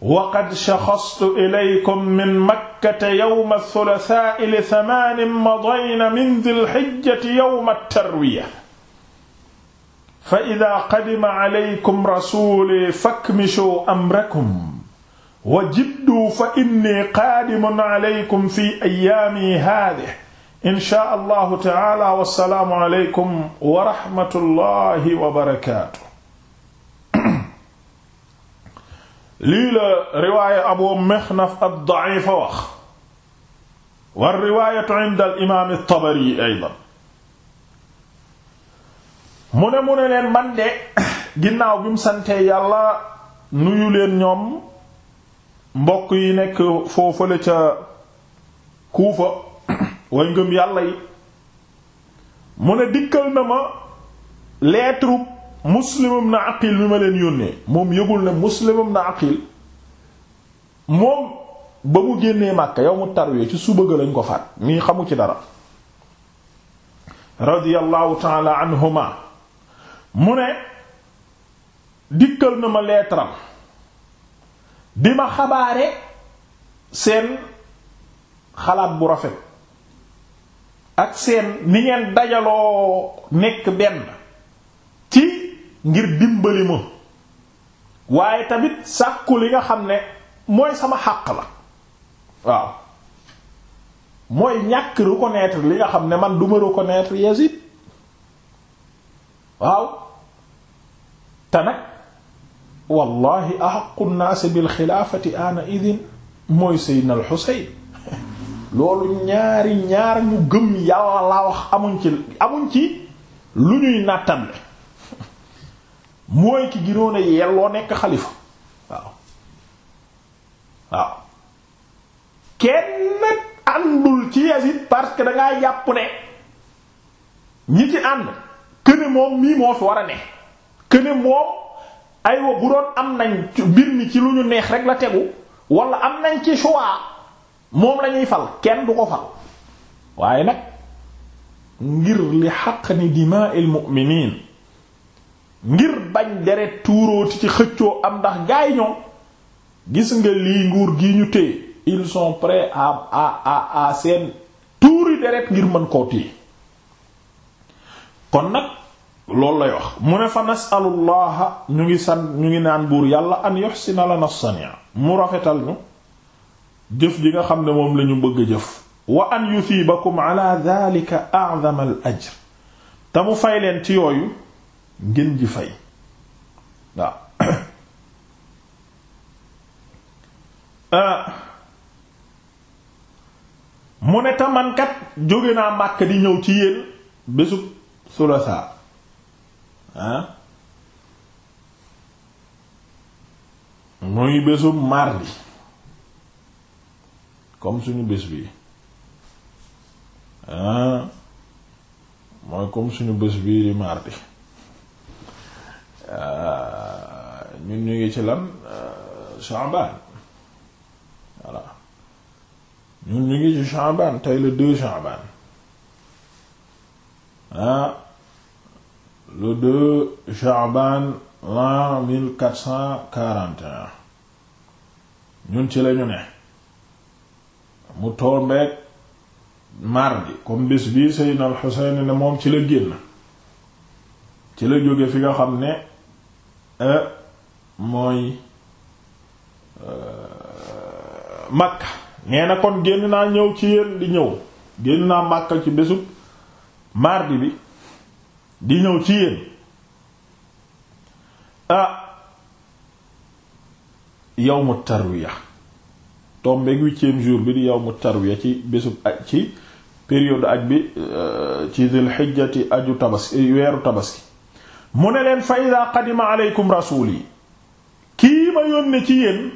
wa qad shaxastu ilaykum min Makka makkata yawma thulathaa'i li thamaanin madayna min dhil hijjati yawma tarwiya fa idhaa qadima alaykum rasuulii fakmishuu amrakum wa jibduu fa innii qaadimun alaykum fi ayyaamii haadhihi inshaa allahu ta'aalaa wa salaamu alaykum wa rahmatullaahi wa barakaatuh lii la riwaaya abu mixnaf ad-da'ifa wax wa riwaayatu inda al-imaam at-tabari aydan mu ne mu ne leen man de ginnaaw bi mu santee yàlla nuyu leen ñoom mbokk yi nekk foofale ca kuufa [coughs] way ngëm yàlla yi mu ne dikkal na ma lettre muslimum na aqil mi ma leen yónnee moom yëgul ne muslimum na aqil moom ba mu génnee Makka yow mu tarwee ci suba ga lañ ko faat mii xamu ci dara radiyallahu taala anhuma mu ne dikkal na ma leetaram bi ma xabaare seen xalaat bu rafet ak seen ni ngeen dajaloo nekk benn ci ngir dimbali ma waaye tamit sàkku li nga xam ne mooy sama xàq la waaw mooy ñàkk reconnaître li nga xam ne man duma reconnaître Yazid waaw te nag wallahi axaqu nnaasi bilxilaafati ana idin mooy Seydina al Xuseyn [laughs] loolu ñaari ñaar ñu gëm yàlla laa wax amuñ ci amuñ ci lu ñuy nàttable mooy ki ginoon yelloo nekk xalifa waaw waaw kenn àndul ci Yazid parce que dangaa jàpp ne ñi ci ànd këne moom mii moo fi war a ne këne moom aywa bu doon am nañ mbir mi ci lu ñu neex rek la tegu wala am nañ ci choix moom lañuy fal kenn du ko fal waaye nag ngir li xaq ni dimaa mu'miniin ngir bañ deret tuurooti ci xëccoo am ndax gaay ñoom gis nga lii nguur gi ñu téye il sont prêts à à à seen tuuri deret ngir mën koo téye kon nag loolu lay wax mu ne fa nasalullaha ñu ngi san ñu ngi naan buur yàlla an yuhsina lana sania mu rafetal ñu jëf ji nga xam ne moom lañu bëgg jëf wa an yusibakum ala dhalika a'zama al ajr te mu fay leen ci yooyu ngeen ji fay waaw [coughs] euh, mu ne tamankat jóge naa Màkka di ñëw ci bésu bésub sulasa ah muy bésub mardi comme suñu bés bi mooy comme suñu bés bi di mardi Euh, ñun ñu ngi ci lan Sha'ban euh, voilà ñun ñu ngi ci Sha'ban tey le deux Sha'ban ah le deux Sha'ban l'an mille quatre cent quarante un ñun ci lañu ne mu tombeek mardi comme bés bii Seydina Xuseyn ne moom ci la génn ci la jóge fi nga xam ne Euh, mooy euh, Makka nee na kon génn naa ñëw ci yéen di ñëw génn naa Makka ci bésub mardi bi di ñëw ci yéen ah yawmu tarwiya tombeeg huitième jour bi di mu tarwiya ci bésub aj ci période aj bi euh, ci dil xijjati aju tabaski weeru tabaski mu ne leen fa ida qadima aleykum rasuli kii ma yónne ci yéen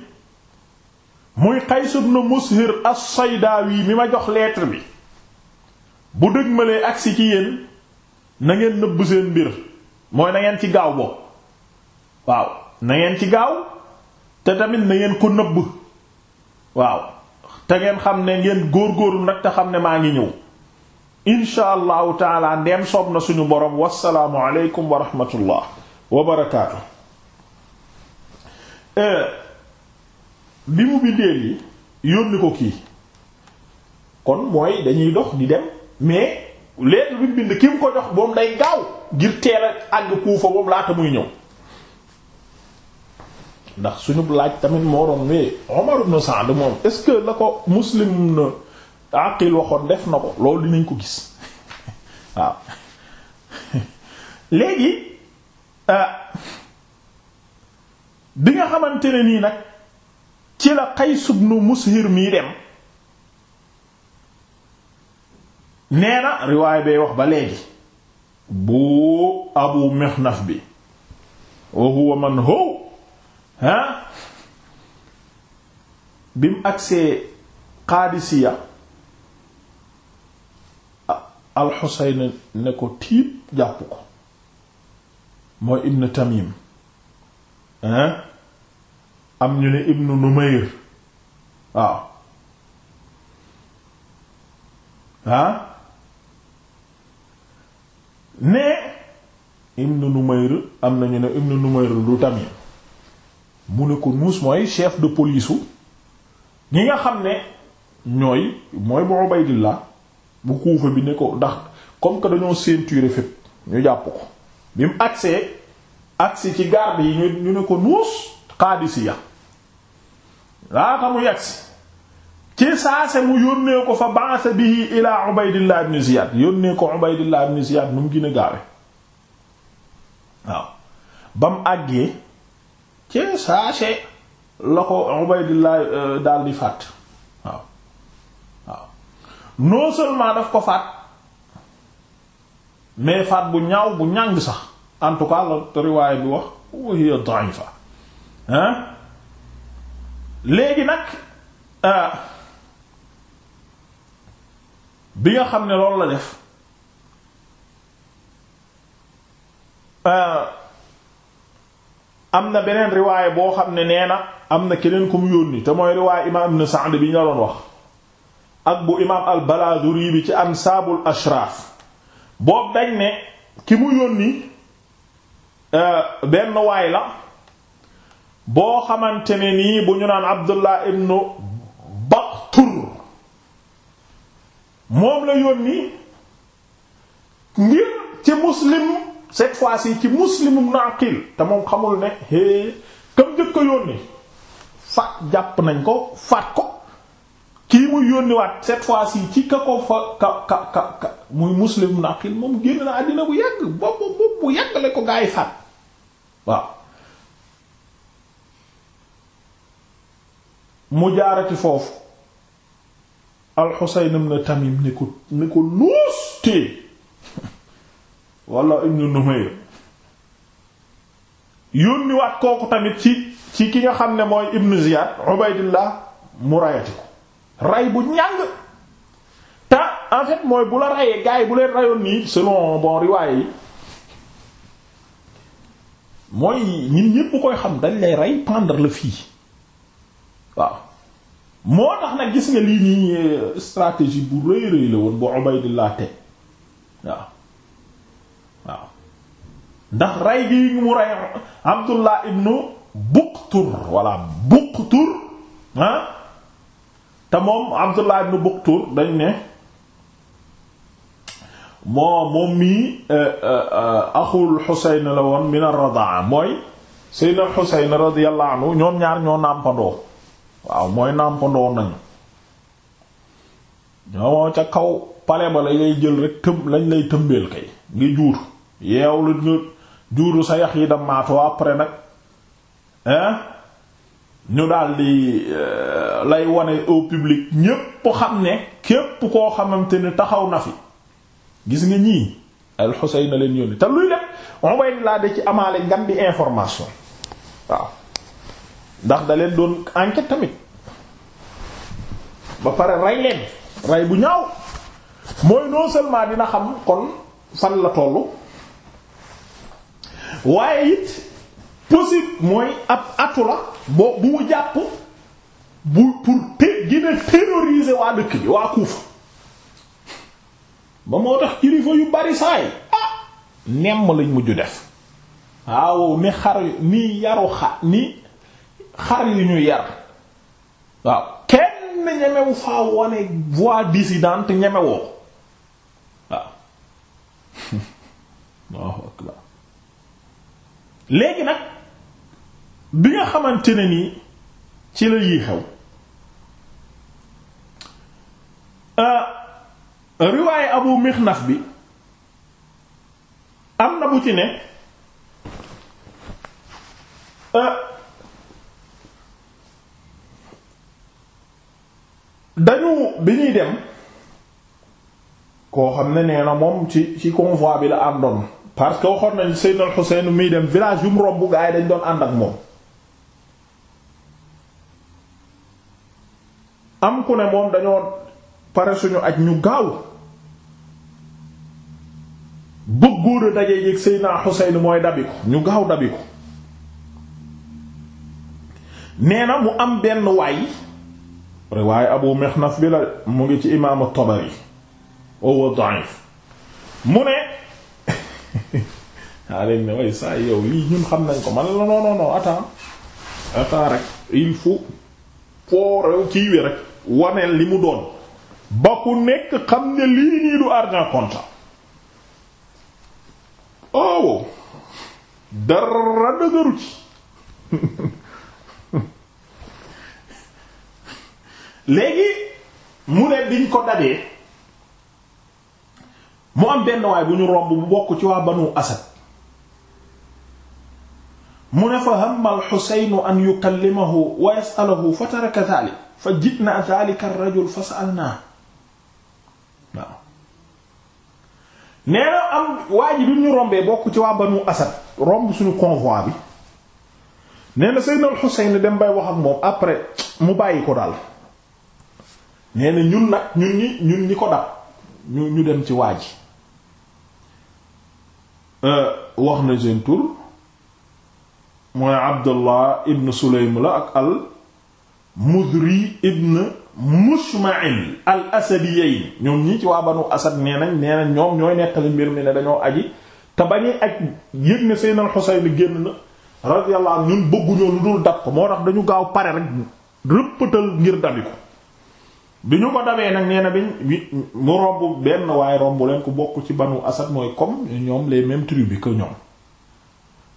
muy Qays ibn Mushir as-Saydaawi mi ma jox leetre bi bu dëgmalee agsi ci yéen na ngeen nëbb seen mbir mooy na ngeen ci gaaw bo waaw na ngeen ci gaaw te tamit na ko nëbb waaw te ngeen xam ne ngeen góor góorlu nag te xam ne maa ngi ñëw insha allahu taala ndeem soob na suñu boroom wasalaamu aleykum wa rahmatullah wa barakaatu eh, bi mu bindee li yónni ko kii kon mooy dañuy dox di dem mais lettre bi bind ki mu ko jox moom day gaaw ngir teel a àgg Kuufa boobu laata muy ñëw ndax suñu laaj tamit moo doon mais Umar ibn Sa'd moom est-ce que la ko Muslim na aqil waxoon def na ko loolu dinañ ko gis [laughs] waaw léegi euh, bi nga xamante ne nii nag ci la Qays ibn Mushir mii dem nee riwaay bay wax ba léegi bu Abu Mikhnaf bi wa huwa man ho ha bim agsee Qaadisiya alxuseyn ne ko tiib jàpp ko mooy ibn tamim am ñu ne ibn numayr waaw ah ne ibn numayr am na ñu ne ibn numayr lu tamim mu ne ko nuus mooy chef de police ñi nga xam ne ñooy mooy bu ubaydillah bu Kuufa bi ne ko ndax comme que dañoo ceinturer fépp ñu jàpp ko bi mu agsee agsi ci garde yi ñu ne ko nuus Qaadisiya laata mu yagsi ci saase mu yónnee ko fa ba'atha bihi ila Ubaydillah ibn Ziyad yónnee ko Ubaydillah ibn Ziyad nu mu gën a gaawe waaw ba mu àggee ci saase la ko Ubaydillah euh, daal di fàtt non seulement daf ko faat mais faat bu ñaaw bu ñàng sax en tout cas la riwaay bi wax wa hiya da'ifa hein léegi nag euh, bi nga xam ne loolu la def euh, am na beneen riwaay boo xam ne nee na am na keneen ku mu yónni te mooy riwaay imaam Ibn Sa'd bi ñu la wax ak bu imaam al Balaazuri bi ci ansaabul ashraaf boobu dañ ne ki mu yónni euh, benn waay la boo xamante ne nii bu ñu naan Abdullah ibnu Baqtur moom la yónni ngir ci muslim cette fois yi ci muslim ibnu Aqil te moom xamul ne hé kam njëkk yónni faat jàpp nañ ko faat ko kii muy yónniwaat cette fois-ci ci ka ko fa ka ka ka muy muslim na aqil moom génn na àddina bu yàgg boobu boobu bu yàgg ko gaa yi faat waaw mu jaarati foofu al-Husayn ibn Tamim ni ko ni ko nuustee [laughs] walla ibn Numayr yónniwaat kooku tamit ci ci ki nga xam ne mooy ibn Ziyad mu rayati ko ray bu ñàng te en fait mooy bu la rayee gars yi bu leen rayoon nii selon bon riwaay yi mooy ñun ñépp koy xam dañ lay rey pendre le fii waaw moo tax nag euh, bu la woon bu Ubaydillah te waaw waaw ndax rey gi mu rey Abdullah ibnu Buqtur walla Buqtur ah te moom Abdullah ibn Buqtur dañ ne moo moom mii eh, eh, axul Xuseyn la woon min ar-radaa mooy Seydina Xuseyn radiyallahu anhu ñoom ñaar ñoo nàmpandoo waaw mooy nàmpandoo nañu ñoo ca kaw pale ba la ngay jël rek tëm lañ lay tëmbeel kay nga juur yeew lu nga juuru sa yax yi damaatoo après nag ñu daldi euh, lay wone au public ñépp xam ne képp koo xamante ne taxaw na fi gis nga ñii al a na leen yónni te luy lépp Ubaydullah da ci amaale ngan di information waaw ndax da leen doon enquête tamit ba pare rey leen rey bu ñaaw mooy non seulement dina xam kon fan la tollu waaye it possible mooy ab atu la boo mu jàpp bu pour te gën a terroriser waa dëkk bi waa Kuufa ba moo tax kilifa yu bari saay ah nemm lañ mujj def waaw ni xar ni yaru xar ni xar yu ñu yar waaw kenn ñemewu faa wone voix dissidente ñemewoo waaw [laughs] léegi nag bi nga xamante ne nii ci la yii xew euh, riwaaye abu mixnaf bi am na bu ci ne euh, dañu bi ñuy dem koo xam ne nee na moom ci ci convoi bi la àndoon parce que waxoon nañu Seydina al Xuseyn muy dem village yu mu romb gaa yi dañ doon ànd ak moom am ku ne moom dañoo pare suñu aj ñu gaaw bëggoon a daje yéeg Seydina Xuseyn mooy dabi ko ñu gaaw dabi ko nee na mu am benn waay riwaay Abu Mixnaf bi la mu ngi ci imaamu Tabari huwa da'if mu ne daa [laughs] leen yow lii xam nañ ko man la rek il faut foo rew rek waneel li mu doon ba ku nekk xam ne lii nii du argent comptant oh dara dëgëru ci [laughs] léegi mu ne biñ ko dabee mu am benn waay bu ñu romb bu bokk ci waa banu asad mu ne fa hamma al-Husayn an yukallimahu wa yas'aluhu fa taraka fa jitna naa ar-rajul fa sa'alna waaw nee na am waa ji bi ñu rombee bokk ci waa banu asad romb suñu convoi bi nee na Seydina Al-Husayn dem bay wax ak moom après mu bàyyi ko daal nee na ñun nag ñun ñi ñun ñi ko dab ñu ñu dem ci waa ji euh, wax na seen tur mooy Abdullah ibn Sulaym la ak al Mudri ibn Mushma'il al-Asadiyayn ñoom ñii ci waa Banu Asad nee nañ nee nañ ñoom ñooy nettali mbir mi ne dañoo aji te bañuy aj yëg ne Seydina Xuseyn génn na radiyallahu anhu ñun bëgguñoo lu dul dab ko moo tax dañu gaaw pare rek rëppatal ngir dabi ko bi ñu ko dabee nag nee na bi mu romb benn waaye romb leen ko bokk ci Banu Asad mooy comme ñoom les mêmes tribus que ñoom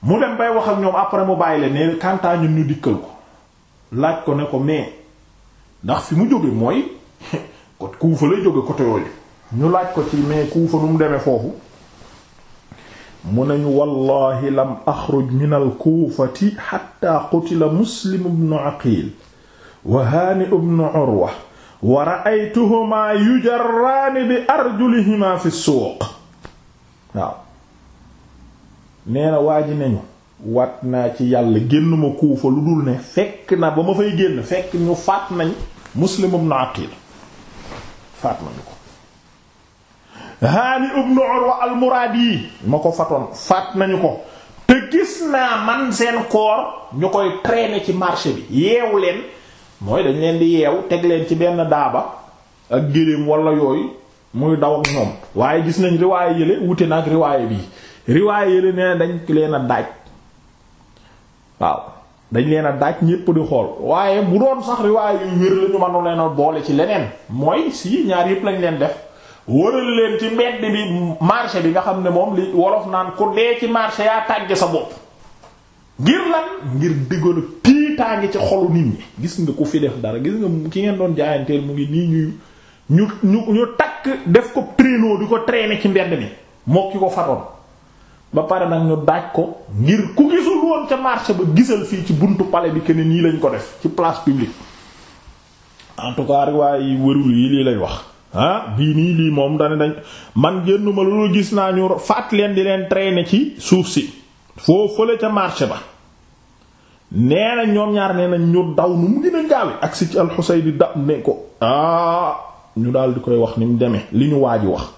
mu dem bay wax ak ñoom après mu bàyyi leen ne quant ñun ñu dikkal ko laaj ko ne ko mais ndax fi mu jóge mooy [laughs] ko Kuufa la jóge côté yooyu ñu laaj ko ci mais Kuufa nu mu demee foofu mu nañu wallahi lam axruj min alkuufati xatta qutila muslim bnu aqil wa haani bnu urwa wa ra'aytuhumaa yujarraani bi arjulihimaa fi suuq waaw nee na waa ji nañu wat naa ci yàlla génn ma kuufa lu dul ne fekk na ba ma fay génn fekk ñu faat nañ muslim ibn aqil faat nañu ko haani ibn urwa al muraadi ma ko fatoon faat nañu ko te gis naa man seen koor ñu koy traîner ci marché bi yeewu leen mooy dañ leen di yeew teg leen ci benn daaba ak géléem walla yooyu muy daw ak ñoom waaye gis nañ riwaaye yële wuti na ak riwaaye bii riwaaye yële nee dañ leen a daaj waaw dañ leen a daaj ñépp di xool waaye bu doon sax riwaay yu wér la ñu mënu leen a boole ci leneen mooy si ñaar yépp lañ leen def wëral leen ci mbedd bi marché bi nga xam ne moom li wolof naan ku dee ci marché yaa tàgge sa bopp ngir lan ngir déggoon tiitaange ci xolu nit ñi gis nga ku fi def dara gis nga ki ngeen doon jaayanteel mu ngi nii ñuy ñu ñu ñu takk def ko traîneau di ko traîner ci mbedd mi moo ki ko fatoon ba pare nag ñu daaj ko ngir ku gisul woon ca marché ba gisal fii ci buntu pale bi kenn nii lañ ko def ci place publique en tout cas waaye wërul yi lii lay wax ah bii nii lii moom dane dañ man génnuma loolu gis naa ñu faat leen di leen traîner ci suuf si foo fële ca marché ba nee na ñoom ñaar nee na ñu daw nu mu gën a gaawe ak si ci alxusay di da ne ko ah ñu daal di koy wax ni mu demee li ñu waaji wax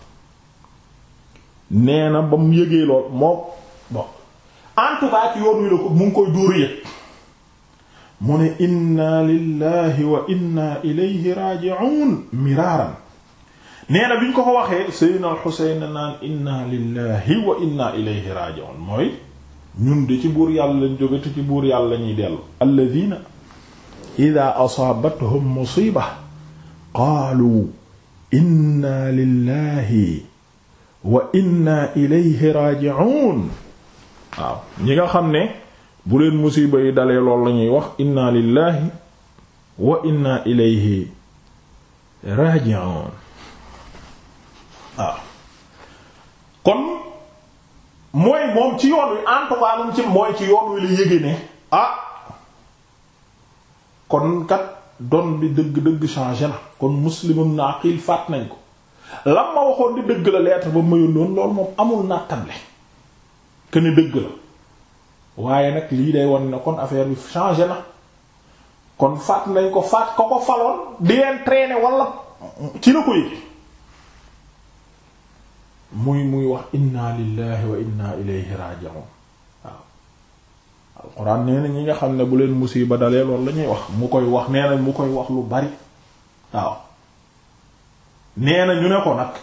nee na ba mu yëgee lool moo bon en ci yoon wi la ko mu ngi koy dóor yëg mu ne inna lillahi wa inna ilayhi raji'un miraaran nee na bi ñu ko ko waxee sayyidina al naan inna lillahi wa inna ilayhi raji'un mooy ñun de ci buur yàlla lañ jóge ci buur yàlla ñuy dellu alladhina idha asaabathum musiba qaalu inna lillahi wa inna ilayhi raji'un waaw ñi nga xam ne bu leen musiba yi dalee lool la ñuy wax inna lillahi wa inna ilayhi raji'un waaw kon mooy moom ci yoon wi en ci mooy ci yoon wi la yége ne ah kon kat don bi dëgg-dëgg changé na kon muslimum na aqil faat nañ ko lam ma waxoon di dëgg la lettre ba ma yónnoon loolu moom amul nattable que ne dëgg la waaye nag lii day wan ne kon affaire bi changé na kon faat nañ ko faat ko ko faloon di leen traîner wala ci la ko yëg muy muy wax inna lillahi wa waaw alxuraan nee ñi nga xam ne bu leen musiba dalee loolu la ñuy wax mu koy wax nee na mu koy wax lu bari waaw nee na ñu ne ko nag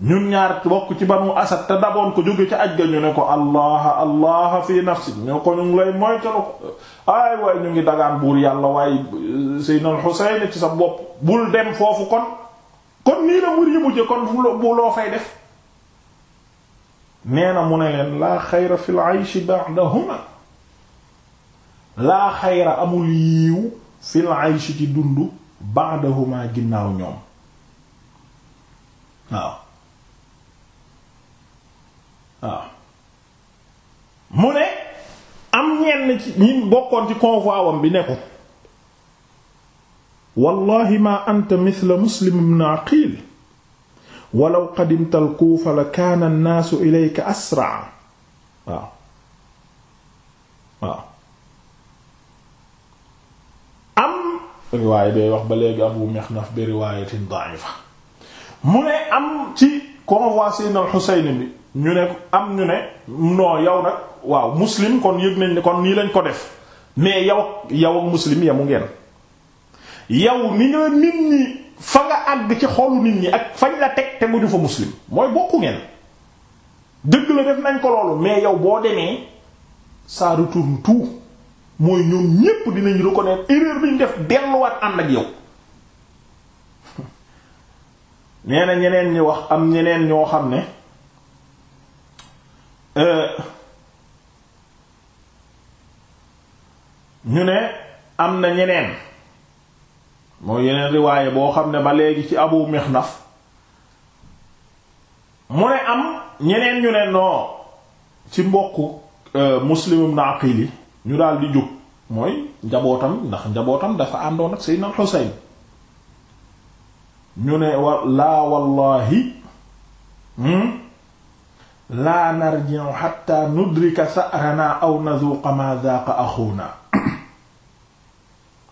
ñun ñaar bokk ci banu asad te daboon ko jóge ca aj ga ñu ne ko allah allah fi nafsi ñu ñu ngi lay dagaan buur yàlla waaye seynal xuseyn ci sa bopp bul dem foofu kon kon nii la wër yi mujje kon bu loo fay def nee na mu ne leen laa xayra fi al-ayshi laa xayra amul yiiw fi al ci dund ba'dahuma ginnaaw ñoom waaw waaw mu ne am ñenn ci ñi bokkoon ci convoi wam bi ne ko wallahi ma anta mithla muslim ibn aqil walaw qadimta al kuufa la kaana an-naasu ilayka asraa waaw waaw am riwaaya bay wax ba léegi abu mixnaf bi riwaayatin da'ifa mu ne am ci convoi Seydina Al-Husayn bi ñu ne am ñu ne non yow nag waaw muslim kon yëg nañ ne kon nii lañ ko def mais yow ak yow ak muslim yamu ngeen yow ni nga nit ñi fa nga àgg ci xolu nit ñi ak fañ la teg te mu du fa muslim mooy bokku ngeen dëgg la def nañ ko loolu mais yow boo demee ça retourne tout mooy ñoom ñépp dinañ reconnaître erreur bi ñu def delluwaat ànd ak yow nee na ñeneen ñi wax am ñeneen ñoo xam ne euh, ñu ne am na ñeneen mooy yeneen riwaaye boo xam ne ba léegi ci abu mixnaf mu ne am ñeneen ñu ne noo ci mbokku euh, muslimum na aqili ñu daal di jóg mooy njabootam ndax njabootam dafa àndoon ak sayyidna Husayn ñu ne wa laa wallahi hmm? laa narji'u hatta nudrika sa'rana aw nazuqa ma zaqa axuna [coughs]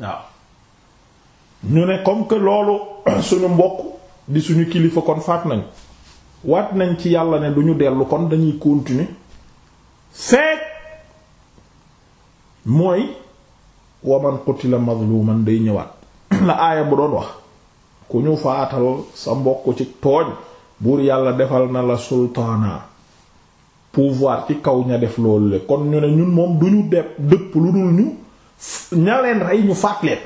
waaw ñu ne comme que loolu [coughs] suñu mbokk di suñu kilifa kon faat nañ waat nañ ci yàlla ne duñu dellu kon dañuy continuer fekk mooy waman qutila mazluman day ñëwaat [coughs] la aaya bu doon wax ku ñu faatal sa mbokk ci tooñ buur yàlla defal na la sultaana pouvoir ci kaw ña def loolu le kon ñu ne ñun moom duñu def dëpp lu dul ñu ña leen rey ñu faat leen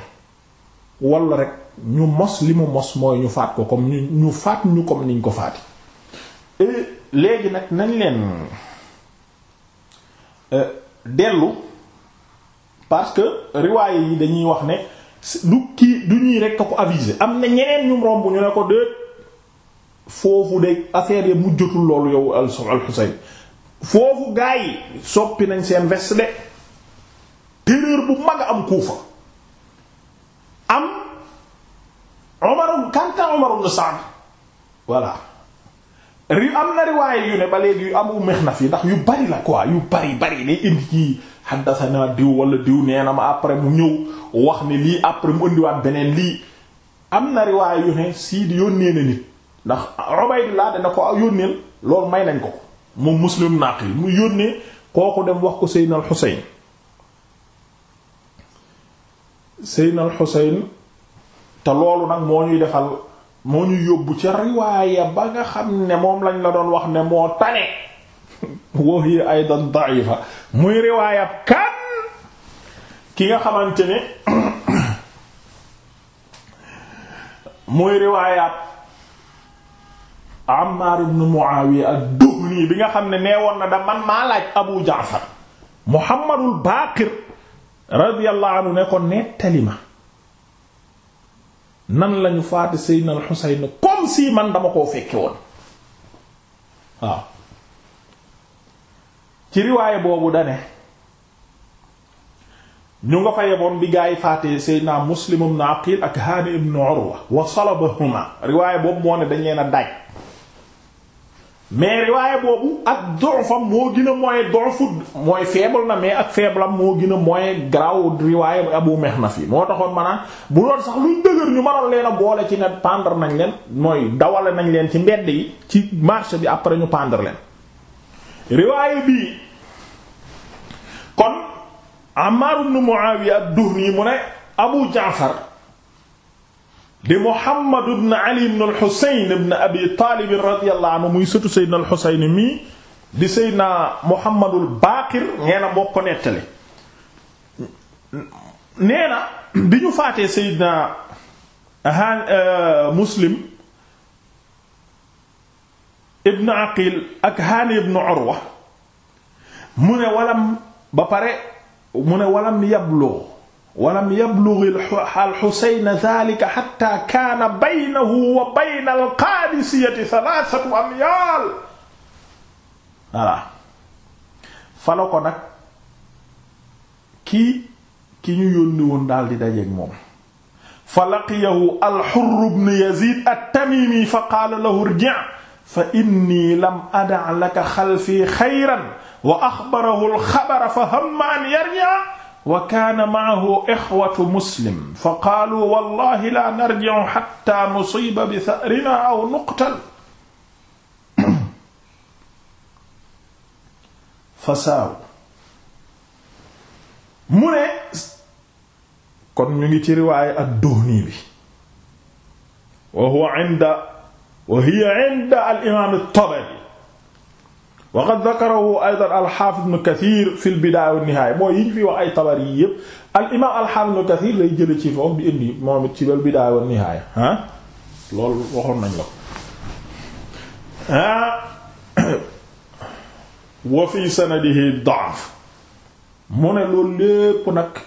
rek ñu mos li mu mos mooy ñu faat ko comme ñu ñu faat ñu comme niñ ko faati e léegi nag nañ leen euh, dellu parce que riwaaye yi dañuy wax ne du kii du ñuy rek a ko aviser am na ñeneen ñum romb ñu ne ko déet foofu de affaire ya mujjatul loolu yow al Xuseyn foofu gaa yi soppi nañ seen veste de terreur bu mag am Kuufa am Umar kanta Umar ibn Sa'd am na riwaaye yu ne ba léegi yu amu Mixnaf yi ndax yu bari la quoi yu bari bari day indi ci xaddasana diw wala diw nee na ma après mu ñëw wax ne lii après mu indiwaat beneen lii am na riwaay yu ne siidi yónnee na nit ndax Ubaydullah dana ko yónneel loolu may nañ ko ko moom Muslim yi mu yónnee kooku dem wax ko Seydina al Xuseyn Seydina Xuseyn te loolu nag moo ñuy defal moo ñu yóbbu ca riwaaya ba nga xam ne moom lañ la doon wax ne moo tane [laughs] wa hiya aydan da'ifa muy riwaayab kat ki nga xamante ne [coughs] mooy riwaayaat Ammaar ibn Muawiya ad-Duhni bi nga xam ne neewoon na da man maa laaj Abu Jaafar Muhammadul Baaqir radiyallahu anhu ne ko nettali ma nan lañu faate Seydina al-Husayn comme si man dama koo fekke woon waaw ci riwaaye boobu dane ñu nga fa yeboon bi gaa yi faatee Seydina Muslim ibn Aqil ak Hani ibn solo wa salabahuma riwaayé boobu moo ne dañ leen a daaj mais riwaayé boobu ak dofam moo gën a mooy dofu mooy faible na mais ak faible moo gën a mooy graw riwaayé Abu Mihnaf yi moo taxoon maanaam bu doon sax luñ dëgër ñu mënoon leen a boole ci ne pendre nañ leen mooy dawale nañ leen ci mbedd yi ci marché bi après ñu pendre leen riwaayé bii kon Ammaar ibn Muawiya ad-Duhni mu ne Abu Jaafar di Muhammad ibn Ali ibn al-Husayn ibn Abi Taalib radiyallahu anhu muy sëtu Seydina al-Husayn mi di Seydina Muhammadul Baaqir nee na boo ko nettali nee na bi ñu faatee Seydina euh, Muslim ibn Aqil ak Haani ibn Urwa mu ne walam ba pare mu ne walam yablugh walam yablugh al-Husayn dhalika hatta kaana baynahu wa bayna al-Qaadisiyyati thalathatu amyaal voilà fala ko nag kii ki ñu yónni woon daal di dajeeg moom fa laqiyahu al-Hurr ibn Yazid at-Tamimi fa qaala lahu irji' fa inni lam ada' laka khalfi khayran wa axbarahu alxabara fa hamma an yarji'a wa kaana ma'ahu ixwatu muslim fa qaalu wallahi la narji'u hatta nusiba bi sa'rinaa aw nuqtal [clears throat] fa saaw mu ne kon ñu ngi ci riwaaya ad-Duhni bi wa huwa inda wa hiya inda al-imaam at-Tabari wa qad dakarahu aydan al-Hafiz Ibn Kathir fi al-Bidaya wa an mooy yi ñu fi wax ay Tabari yi yëpp al-imam al-Hafiz Ibn lay jële ci foofu bi indi moom it ci al-Bidaya wa an-Nihaya ah loolu waxoon nañ la ko ah [coughs] wa fi sanadihi da'f mu ne loolu lépp nag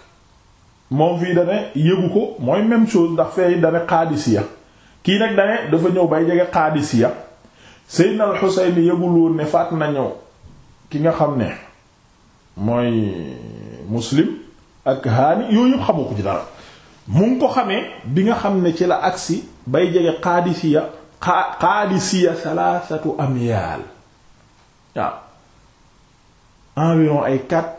moom fii dane yëgu ko mooy même chose ndax fee dane Qadisiya kii nag dane dafa ñëw bay jege Qadisiya Seydina al-Husayn yëgul woon ne faat nañu ki nga xam ne mooy Muslim ak Haani yooyu yëpp xamu ko dara mu ngi ko xamee bi nga xam ne ci la agsi bay jege Qaadisiya Qaadisiya salaasatu amyaal waaw environ ay quatre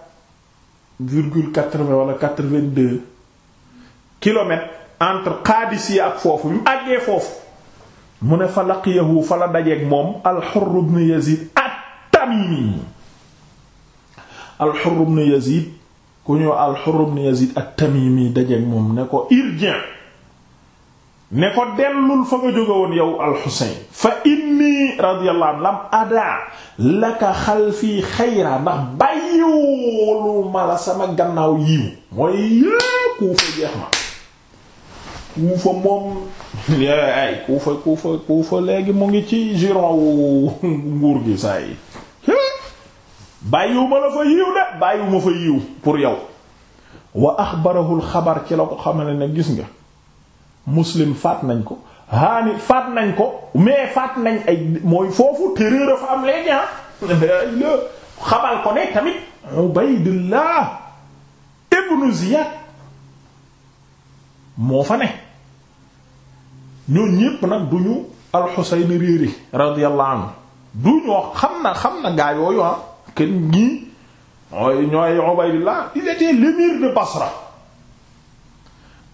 virgule quatre-vingts wala quatre-vingt-deux kilomètres entre Qaadisiya ak foofu mu àggee foofu mu ne fa laqiyahu fa la dajeeg moom al-Hurr ibn Yazid at-Tamimi al-Hurr ibn ku ñëw al-Hurr ibn at-Tamimi dajeeg moom ne ko irji' ne ko dellul fa nga jóge woon yow al-Husayn fa inni radiyallahu anhu lam ada laka xalfi xayra ndax bàyyiwulu ma la sama gannaaw yiw mooy yépp wu fa jeex ma Kuufa moom [laughs] ay Kuufa Kuufa Kuufa léegi mu ngi ci giron wu [laughs] nguur gi saa yi bàyyiwu ma la fa yiw de bàyyiwu ma fa yiw pour yow wa axbarahul xabar ci la ko xamale ne gis nga muslim faat nañ ko haani faat nañ ko mais faat nañ ay mooy foofu terreur fa am léegi ah la xabal ko ne tamit Ubaydullah ibnu Ziyad moo fa ne ñoo ñépp nag du ñu alxuseyn réeri radiyallahu anhu du ñoo xam na xam na gaa yooyu ah kenn ñii ñooy Ubaydillah il Basra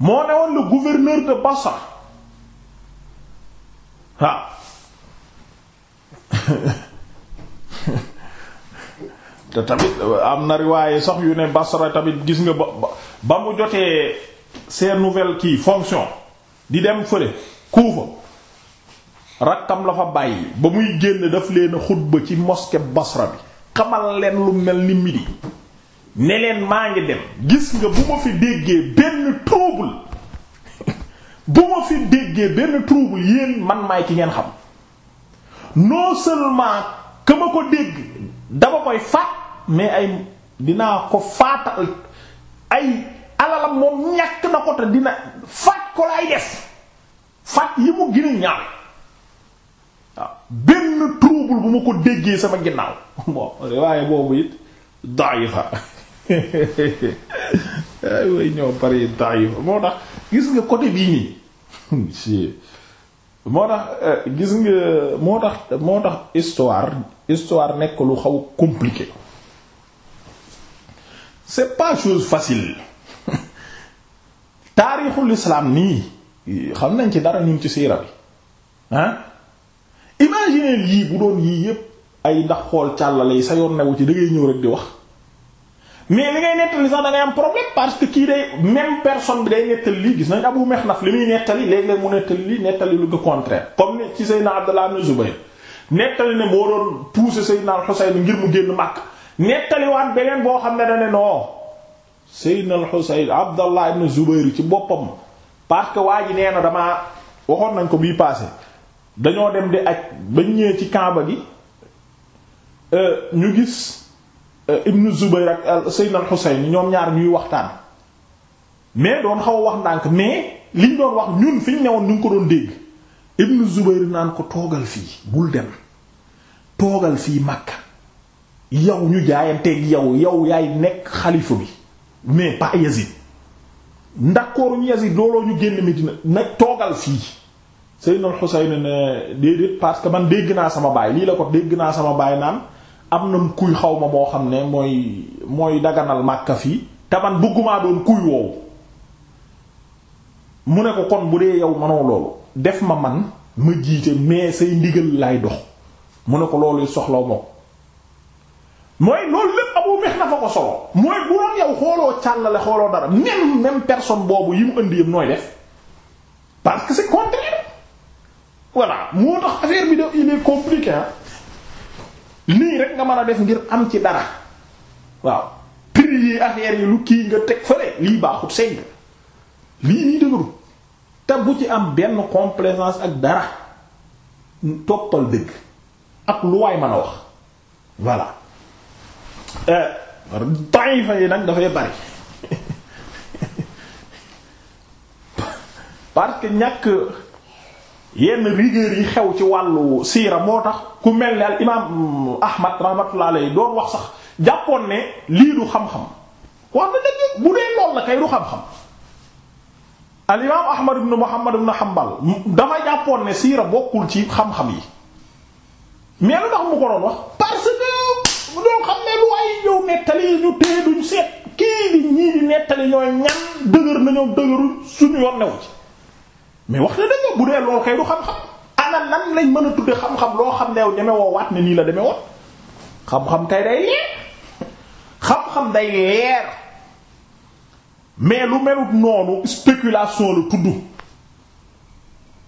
moo ne woon le gouverneur de Basra waaw [laughs] te tamit am na riwaaye sax yu ne Basra tamit gis nga ba ba mu jotee ses nouvelles kii fonction di dem fële kuufa rakkam la fa bàyyi ba muy génn daf leen xutba ci moske basra bi xamal leen lu mel ni midi ne maa ngi dem gis nga bu ma fi déggee benn trouble [laughs] bu ma fi déggee benn trouble yéen man maay ki ngeen xam non seulement que ma ko dégg dama koy faat mais ay dinaa ko faatal ay alalam moom ñàkk na ko te dina faat ko laay def faat yi mu gën a ñaaw waaw benn trouble bu ma ko déggee sama ginnaaw [laughs] bon waaye boobu it dayifa [laughs] way ñoo bari dayifa moo tax gis nga côté bii nii [laughs] moo tax euh, gis nga moo tax moo tax histoire histoire nekk lu xaw compliqué c'est pas chose facile taarixul islam nii xam nañ ci dara ñun ci siira bi ah imaginer yii bu doon yii yépp ay ndax xool càllale yi sa yoon newu ci da ñëw rek di wax mais li ngay nettali sax da ngay am problème parce que kii day même personne bi day nettali lii gis nañ Abu Mexnaf li muy nettali léeg-léeg mu nettali lii nettali lu ko contraire comme ni ci Seydina Abdallah ibn Zubayr nettali ne moo doon pousser Seydina al-Husayn ngir mu génn Makka nettaliwaat beneen boo xam ne da ne non Seydina al-Husayn ci boppam parce que waa ji nee na damaa waxoon nañ ko bii passé dañoo dem di aj bañ ñëwee ci Kaaba gi euh, ñu gis euh, Ibn Zubayr ak Sayyid al ñoom ñaar ñuy waxtaan mais doon xaw a wax ndànk mais liñ doon wax ñun fi ñu newoon ñu ngi ko doon dégg Ibn Zubayr naan ko toogal fii bul dem toogal fii Makka yow ñu jaayanteeg yow yow yaay nekk xalifa bi mais pa Yazid d'accord ñu yi looloo ñu génn mi Medina na toogal fii noonu al-Husayn ne déedéet parce que man dégg naa sama baay lii la ko dégg naa sama baay naan am na kuuy xaw ma moo xam ne mooy mooy daganal Makka fii te man bëggumaa doon kuy woowu mu ne ko kon bu dee yow manoo loolu def ma man ma jiite mais say ndigal laay dox mu ne ko loolu soxlaw ma ko mooy loolu lépp Abu Mihna fa ko solo mooy bu doon yow xooloo càllale xooloo dara même même personne boobu yi mu indi yëpp nooy def parce que c'est contraire voilà moo tax affaire bi de il est compliqué nii rek nga mën a def ngir am ci dara waaw prix yi affaire yi lu kii nga teg fële lii baaxut sëñ lii nii dëgëru te bu ci am benn complaisance ak dara toppal dëgg ak lu waay mën a wax voilà. da'ifa eh, yi nag dafay bari [laughs] parce que ñàkk yenn rigueur yi xew ci wàllu siira moo tax ku mel ni al imaam Ahmad rahmatullah alayhi doon wax sax jàppoon ne lii du xam-xam wax na dëgg bu dee lool la kay du xam-xam al imaam Ahmad ibn Muhammad ibn Hanbal dafa jàppoon ne siira bokkul ci xam-xam yi mais lu mu ko doon wax parce que mu doon xam ne lu ay yow nettali ñu téye duñ seet kii li ñii di nettali ñooy ñan dëgër nañoo dëgëruñ suñu yoon newu ci mais wax na dëgg bu lañ mën a tudde xam loo xam ne yow demee woo ne nii la demee woon xam-xam kay day leer xam-xam day leer mais lu melut noonu spéculation la tudd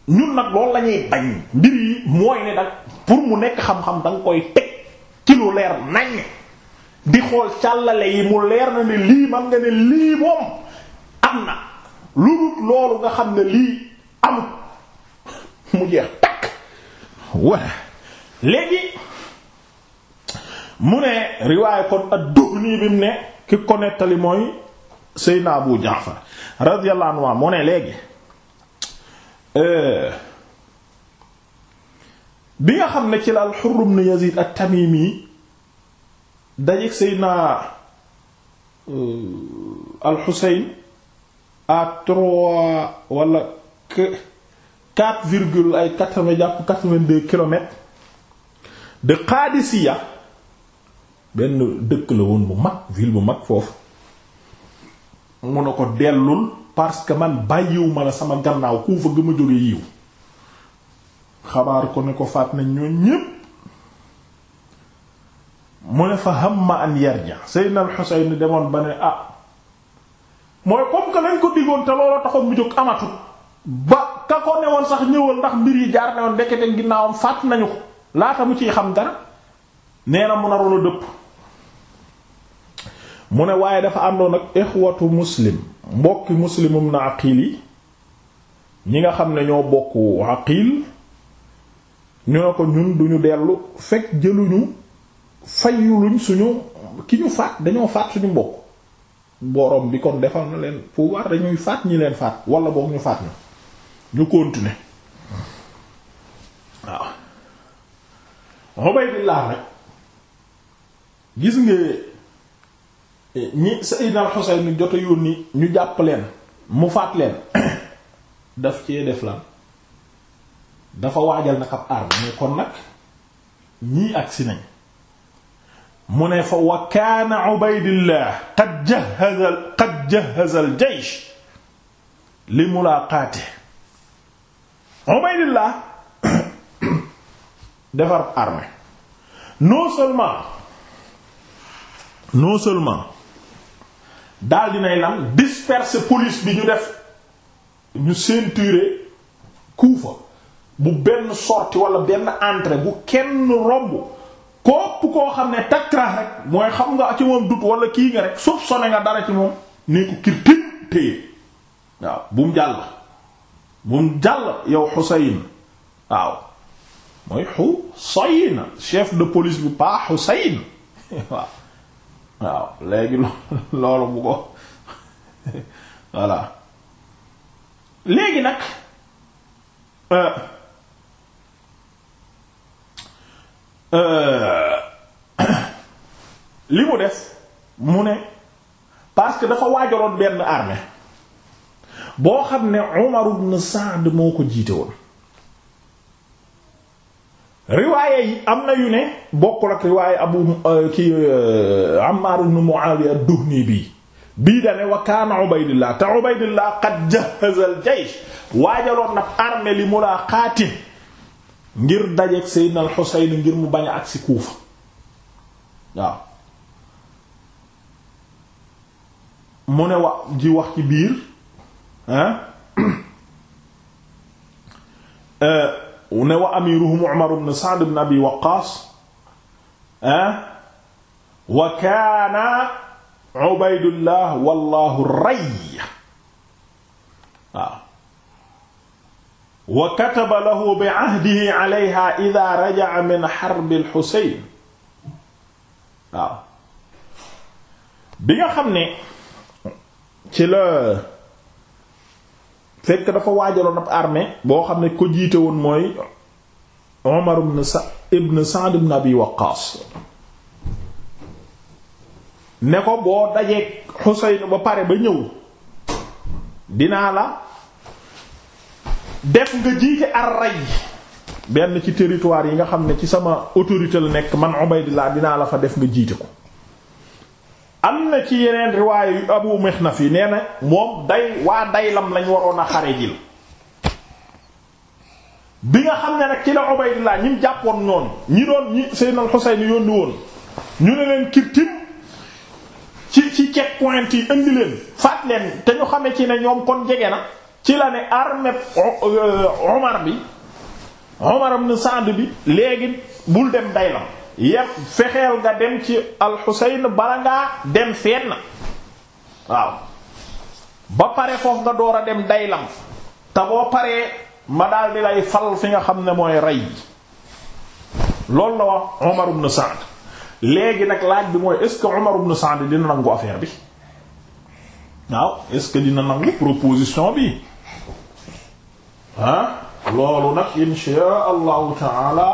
ñun nag loolu la bañ mbir mooy ne nag pour mu nekk xam-xam da koy teg lu leer nañ di xool càllale yi mu leer na ne lii man nga ne lii moom am na lu dul loolu nga xam ne lii amut mu jeex takk léegi mu ne riwaaya kon ad-Duhni bi ne ki ko nettali mooy Seydina Abu Jaafar radiyallahu anhu mu ne léegi euh, bi nga xam ne ci la al-Hurr ibn Yazid tamimi dajeek Seydina euh, Al-Hussein à trois wala quatre virgule ay quatre-vingts jàpp quatre-vingt-deux kilomètres de Qadisiya benn dëkk la woon bu mag ville bu mag foofu mun na ko dellul parce que man bàyyiwu ma la sama gannaaw ku fa gëm yiw xabaar ko ne ko faat nañ ñépp mu ne fa hamma an yarja Seydina al-Husayn demoon ba ne ah mooy comme que lañ ko diggoon te looloo taxoon mu jóg amatul ba ka ko newoon sax ñëwal ndax mbir yi jaar newoon ndekete ginnaawam fàtt nañu ko laata mu ciy xam dara nee na mu naroon a dëpp mu ne waaye dafa àndoon ak ixwatu muslim mbokki muslimum na aqiil yi ñi nga xam ne ñoo bokk aqiil ñu ne ko ñun duñu dellu fekk jëluñu fayyuluñ suñu ki ñu faat dañoo faat suñu mbokk borom bi kon defal na leen pouvoir dañuy faat ñi leen faat wala boog ñu faat ñu ñu continuer waaw Ubaydillah nag gis nga eh, ñi Sayyidna al-Husayn jot a ni ñu jàpp leen mu faat leen [coughs] daf cee def lan dafa waajal nag ab arme mais kon nag ñii si nañ mu ne fa wa kaana ubaydillah qad jahaza al jaysh li mulaaqaate ubaydillah [coughs] defar armée non seulement non seulement daal dinay lan disperser police bi ñu def ñu ceinturer Kufa bu benn sortie wala benn entrée bu kenn romb kopp koo xam ne takrah rek mooy xam nga ci moom dut wala kii nga rek sone nga dara ci moom nee ko kir tib waaw bu mu jàll bu mu jàll yow Xusayn waaw mooy Xusayn chef de police bi pas Xusayn waaw léegi loolu bu ko [laughs] voilà léegi nag euh, Euh, [coughs] li mu def mu ne parce que dafa waajaroon benn armée boo xam ne Umar ibn Sa'd moo ko jiite woon riwaaye yi am na yu ne bokkul ak riwaaye abu euh, ki euh, Ammar ibn mu ad-Duhni bii bii dane wa kaana Ubaydullah te Ubaydullah qad jahaza al-jaysh nag armée li mulaqaati ngir dajeeg Seydina al Xuseyn ngir mu bañ a agsi Kuufa waaw mu ne wax ji wax ci biir ah [coughs] ne wa amiruhum Umar ibn Sa'd ibn Abi Waqqas ah wa kaana Ubaydullah wallahu rayy wa kataba lahu bi ahdihi alayha ida raja'a min xarbi alxusayn waaw bi nga xam ne ci la fekk dafa waajaloon ab armée boo xam ne ko jiite woon mooy Umar ibn Sa Abi Waqqas ne ko boo dajee Xuseyn ba pare ba ñëw dinaa la def nga jiite ar-ray benn ci territoire yi nga xam ne ci sama autorité la nekk man Ubaydillah dinaa la fa def nga jiite ko am na ci yeneen riwaaya yu Abu Mixnaf yi nee na moom day waa daylam lañ waroon a xare jil bi nga xam ne nag ci la Ubaydillah ñi mu jàppoon noonu ñi doon ñi Seydina Xuseyn yónni woon ñu ne leen kirtim ci ci checkpoint yi indi leen faat leen te ñu xame ci ne ñoom kon jege na ci la ne armée Omar bi Omar ibn Saad bi léegi bul dem Daylam yépp fexeel nga dem ci al-Husayn bala ngaa dem fenn waaw ba pare foofu nga door a dem Daylam te boo paree ma daal di lay fal fi nga xam ne mooy rey loolu la wax Omar ibn Saad léegi nag laaj bi mooy est-ce que Omar ibn Saad dina nangu affaire bi waaw est-ce que dina nangu proposition bi ah loolu nag insha allahu taala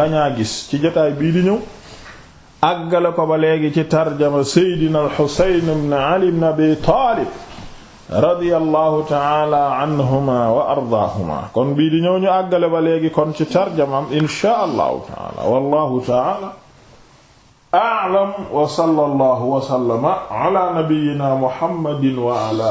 lañaa gis ci jotaay bii di ñëw àggale ko ba léegi ci tarjama seydina alxusayn ibn ali ibn abi taalib radiyallahu taala anhuma wa ardaahuma kon bii di ñëw ñu àggale ba léegi kon ci tarjamam insha allahu taala wallahu taala a'lam wa sallallahu wa sallama ala nabiyyina wa ala